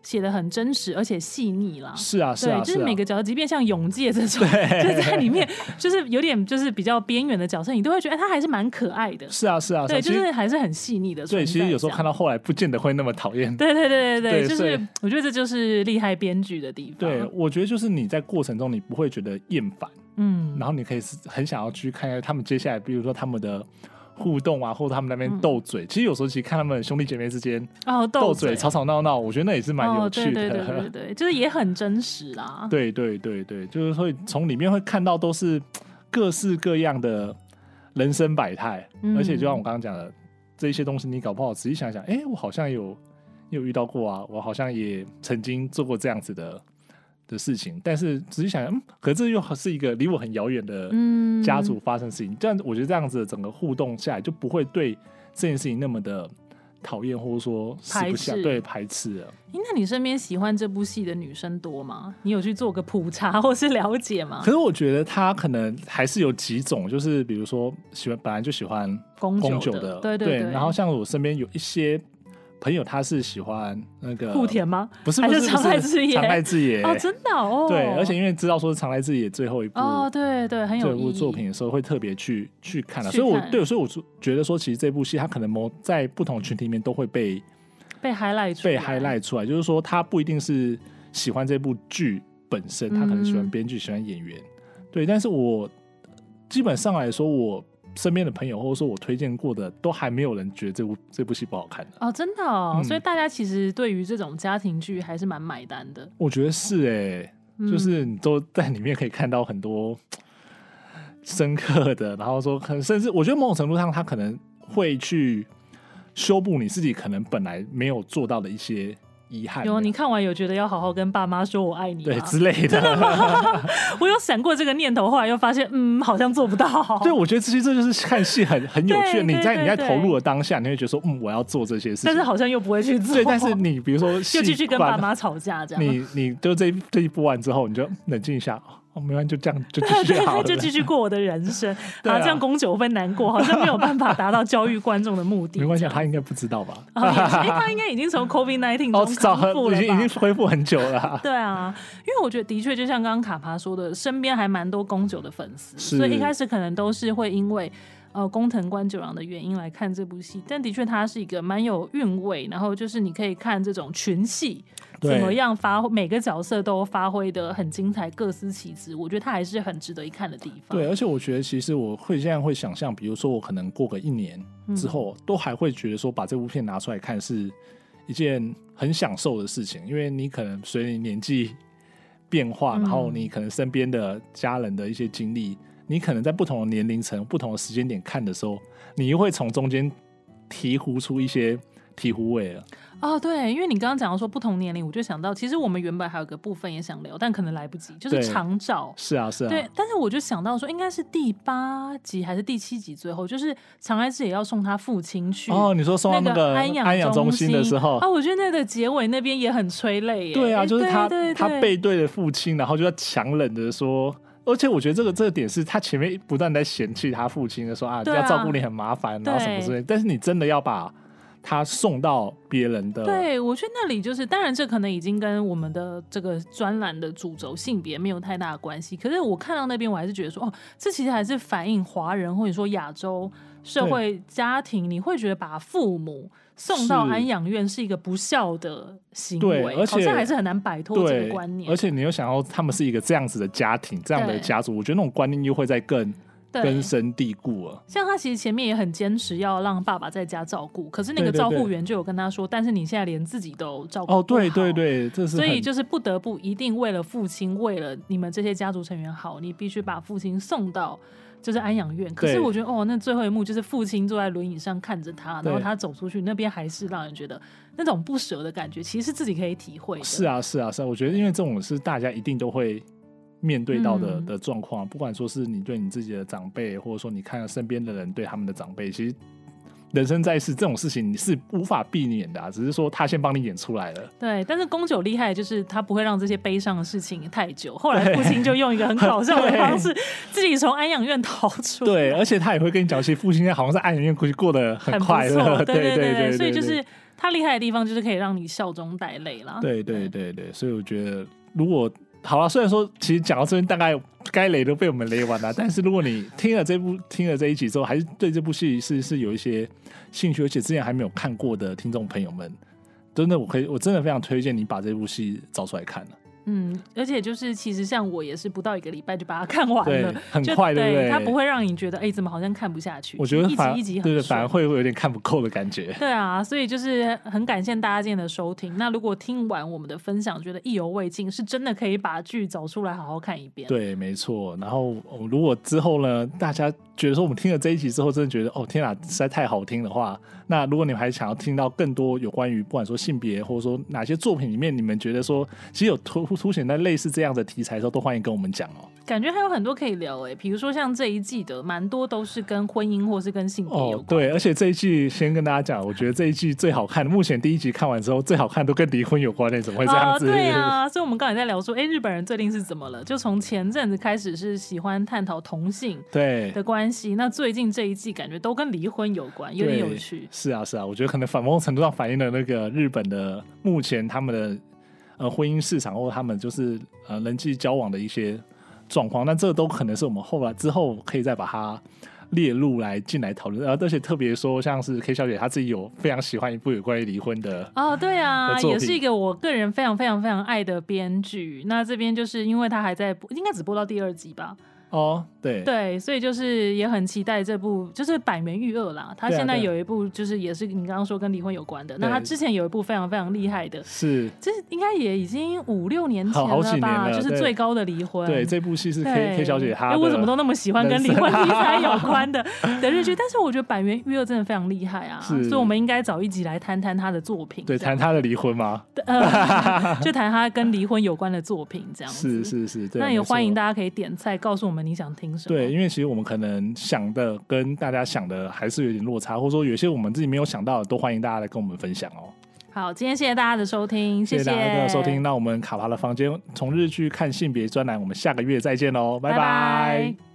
寫得很真實，而且細膩啦。是啊，是啊，就是每個角色，啊、即便像踊介這種，就是、在裡面，就是有點就是比較邊緣的角色，你都會覺得，它、他還是蠻可愛的。是啊，是啊，對，就是還是很細膩的。所以其實有時候看到後來，不見得會那麼討厭。對，對，對，對，對，對，就是我覺得這就是厲害編劇的地方。對，我覺得就是你在過程中你不會覺得厭煩，嗯，然後你可以很想要去看一下他們接下來，比如說他們的。互動啊，或者他們那邊鬥嘴、嗯，其實有時候其實看他們兄弟姐妹之間鬥、哦、嘴，鬥嘴吵吵鬧鬧，我覺得那也是蠻有趣的，哦、對，對，對，對，就是也很真實啦。 對對對對，就是會從裡面會看到都是各式各樣的人生百態、嗯，而且就像我剛剛講的，這一些東西你搞不好仔細想想，哎、欸，我好像有有遇到過啊，我好像也曾經做過這樣子的。的事情，但是仔細想想，嗯，可是這又是一個離我很遙遠的家族發生事情。這、嗯、樣我覺得這樣子的整個互動下來，就不會對這件事情那麼的討厭或者說不排斥，對排斥了。誒、欸，那你身邊喜歡這部戲的女生多嗎？你有去做個普查或是了解嗎？可是我覺得他可能還是有幾種，就是比如說喜歡本來就喜歡宮酒,酒的，對對,對,對,對。然後像我身邊有一些。朋友，他是喜歡那個戶田嗎？不是，不是，不是，還是長瀨智也？長瀨智也哦，真的哦。對，而且因為知道說是長瀨智也最後一部哦，對對，很有意義。一部作品的時候會特別去去看的，所以我對，所以我就覺得說，其實這部戲他可能某，在不同群體裡面都會被被 highlight 被 highlight 出來，就是說他不一定是喜歡這部劇本身，他可能喜歡編劇、喜歡演員、嗯。對，但是我基本上來說我。身邊的朋友，或者說我推薦過的，都還沒有人覺得這部這部戲不好看哦，真的哦、嗯，所以大家其實對於這種家庭劇還是蠻買單的。我覺得是哎、欸嗯，就是你都在裡面可以看到很多深刻的，然後說，可能甚至我覺得某種程度上，他可能會去修補你自己可能本來沒有做到的一些。遺憾有，你看完有覺得要好好跟爸媽說我愛你啊，對之類的。真的嗎？ 我有閃過這個念頭，後來又發現，嗯，好像做不到。對，我覺得這些這就是看戲很很有趣的，你在你在投入的當下，你會覺得說，嗯，我要做這些事，但是好像又不會去做。對，但是你比如說，又繼續跟爸媽吵架，吵架這樣。你你就這一這一播完之後，你就冷靜一下。哦、沒關係，就這樣，就繼對，對，對，他就繼續過我的人生。 啊，啊，這樣宮九會難過，好像沒有辦法達到教育觀眾的目的。 沒關係，他應該不知道吧？ 啊、欸，他應該已經從 COVID nineteen 中恢復、哦、已經已經恢復很久了、啊。 對啊，因為我覺得的確，就像剛剛卡爬說的，身邊還蠻多宮九的粉絲，所以一開始可能都是會因為。哦、呃，工藤官九郎的原因來看這部戲，但的確它是一個蠻有韻味，然後就是你可以看這種群戲怎麼樣發揮，每個角色都發揮得很精彩，各司其職，我覺得它還是很值得一看的地方。對，而且我覺得其實我會現在會想象比如說我可能過個一年之後、嗯，都還會覺得說，把這部片拿出來看是一件很享受的事情，因為你可能隨你年紀變化，然後你可能身邊的家人的一些經歷。嗯你可能在不同的年齡層、不同的時間點看的時候，你又會從中間提呼出一些醍醐味了。哦，對，因為你剛剛講到說不同年齡，我就想到，其實我們原本還有個部分也想聊，但可能來不及，就是長照。是啊，是啊。對，但是我就想到說，應該是第八集還是第七集最後，就是常安寺也要送他父親去。哦，你說送到那個安養中、中心的時候。啊、哦，我覺得那個結尾那邊也很催淚耶。對啊，就是他對對對對他背對着父親，然後就要強忍着說。而且我覺得這個這個點是他前面不斷在嫌棄他父親的說啊，啊要照顧你很麻煩，然後什麼之類。但是你真的要把他送到別人的，對我覺得那裡就是，當然這可能已經跟我們的這個專欄的主軸性別沒有太大的關係。可是我看到那邊，我還是覺得說，哦，這其實還是反映華人或者說亞洲社會家庭，你會覺得把父母。送到安養院是一個不孝的行為，而且好像還是很難擺脫這個觀念。而且你又想要他們是一個這樣子的家庭，這樣的家族，我覺得那種觀念又會在更根深蒂固了。像他其實前面也很堅持要讓爸爸在家照顧，可是那個照護員就有跟他說對對對：“但是你現在連自己都照顧不好哦，對對對，這是所以就是不得不一定為了父親，為了你們這些家族成員好，你必須把父親送到。就是安養院，可是我覺得哦，那最後一幕，就是父親坐在輪椅上看着他，然後他走出去，那邊還是讓人覺得那種不捨的感覺，其實自己可以體會。是啊，是啊，是啊。我覺得因為這種是大家一定都會面對到的、嗯、的狀況，不管說是你對你自己的長輩，或者說你看到身邊的人對他們的長輩，其實。人生在世這種事情你是無法避免的啊，只是說他先幫你演出來了。對，但是宮九厲害就是他不會讓這些悲傷的事情太久。後來父親就用一個很搞笑的方式，自己從安養院逃出對。對，而且他也會跟你講一些父親現在好像是安養院，估計過得很快樂。對對，對對對，所以就是他厲害的地方就是可以讓你笑中帶淚啦對。對對對對，所以我覺得如果。好了、啊，雖然說其實講到這邊，大概該雷都被我們雷完啦。但是如果你聽了這部聽了這一集之後，還是對這部戲是是有一些興趣，而且之前還沒有看過的聽眾朋友們，真的我可以我真的非常推薦你把這部戲找出來看了。嗯，而且就是其實像我也是不到一個禮拜就把它看完了，對，很快對不對？它不會讓你覺得哎、欸，怎麼好像看不下去？我覺得反一集一集很。對，反而會有點看不夠的感覺。對啊，所以就是很感謝大家今天的收聽。那如果聽完我們的分享覺得意猶未盡，是真的可以把劇找出來好好看一遍。對，沒錯。然後、哦、如果之後呢，大家覺得說我們聽了這一集之後真的覺得哦，天哪、啊，實在太好聽的話，那如果你們還想要聽到更多有關於不管說性別或者說哪些作品裡面，你們覺得說其實有突破。出現在類似這樣的題材的時候，都歡迎跟我們講哦、喔。感覺還有很多可以聊哎、欸，比如說像這一季的，蠻多都是跟婚姻或是跟性別有關。哦，對，而且這一季先跟大家講，我覺得這一季最好看。 目前第一集看完之後，最好看都跟離婚有關、欸，哎，怎麼會這樣子？哦、對啊，所以我們剛才在聊說，哎、欸，日本人最近是怎麼了？就從前陣子開始是喜歡探討同性對的關係，那最近這一季感覺都跟離婚有關，有點有趣。是啊，是啊，我覺得可能某種程度上反映了那個日本的目前他們的。呃，婚姻市場或他們就是呃人際交往的一些狀況，那這都可能是我們後來之後可以再把它列入來進來討論，呃。而且特別說，像是 K 小姐她自己有非常喜歡一部有關於離婚的哦，對啊，也是一個我個人非常非常非常愛的編劇。那這邊就是因為它還在播，應該只播到第二集吧。哦、oh，對對，所以就是也很期待這部就是坂元裕二啦。他現在有一部就是也是你剛剛說跟離婚有關的。那他之前有一部非常非常厲害的，就是這應該也已經五六年前了吧？了就是最高的離婚。對，對這部戲是 K K 小姐哈。哎，我怎麼都那麼喜歡跟離婚題材有關的 的日劇？但是我覺得坂元裕二真的非常厲害啊，是所以我們應該找一集來談談他的作品。對，對談他的離婚嗎？呃、 就談他跟離婚有關的作品這樣子。是是是對、啊，那也歡迎大家可以點菜告訴我們。你想聽什麼？對，因為其實我們可能想的跟大家想的還是有點落差，或者說有些我們自己沒有想到的，都歡迎大家來跟我們分享哦、喔。好，今天謝謝大家的收聽，謝謝大家的收聽。謝謝謝謝收聽，那我們卡爬的房間從日劇看性別專欄，我們下個月再見嘍，拜拜。拜拜。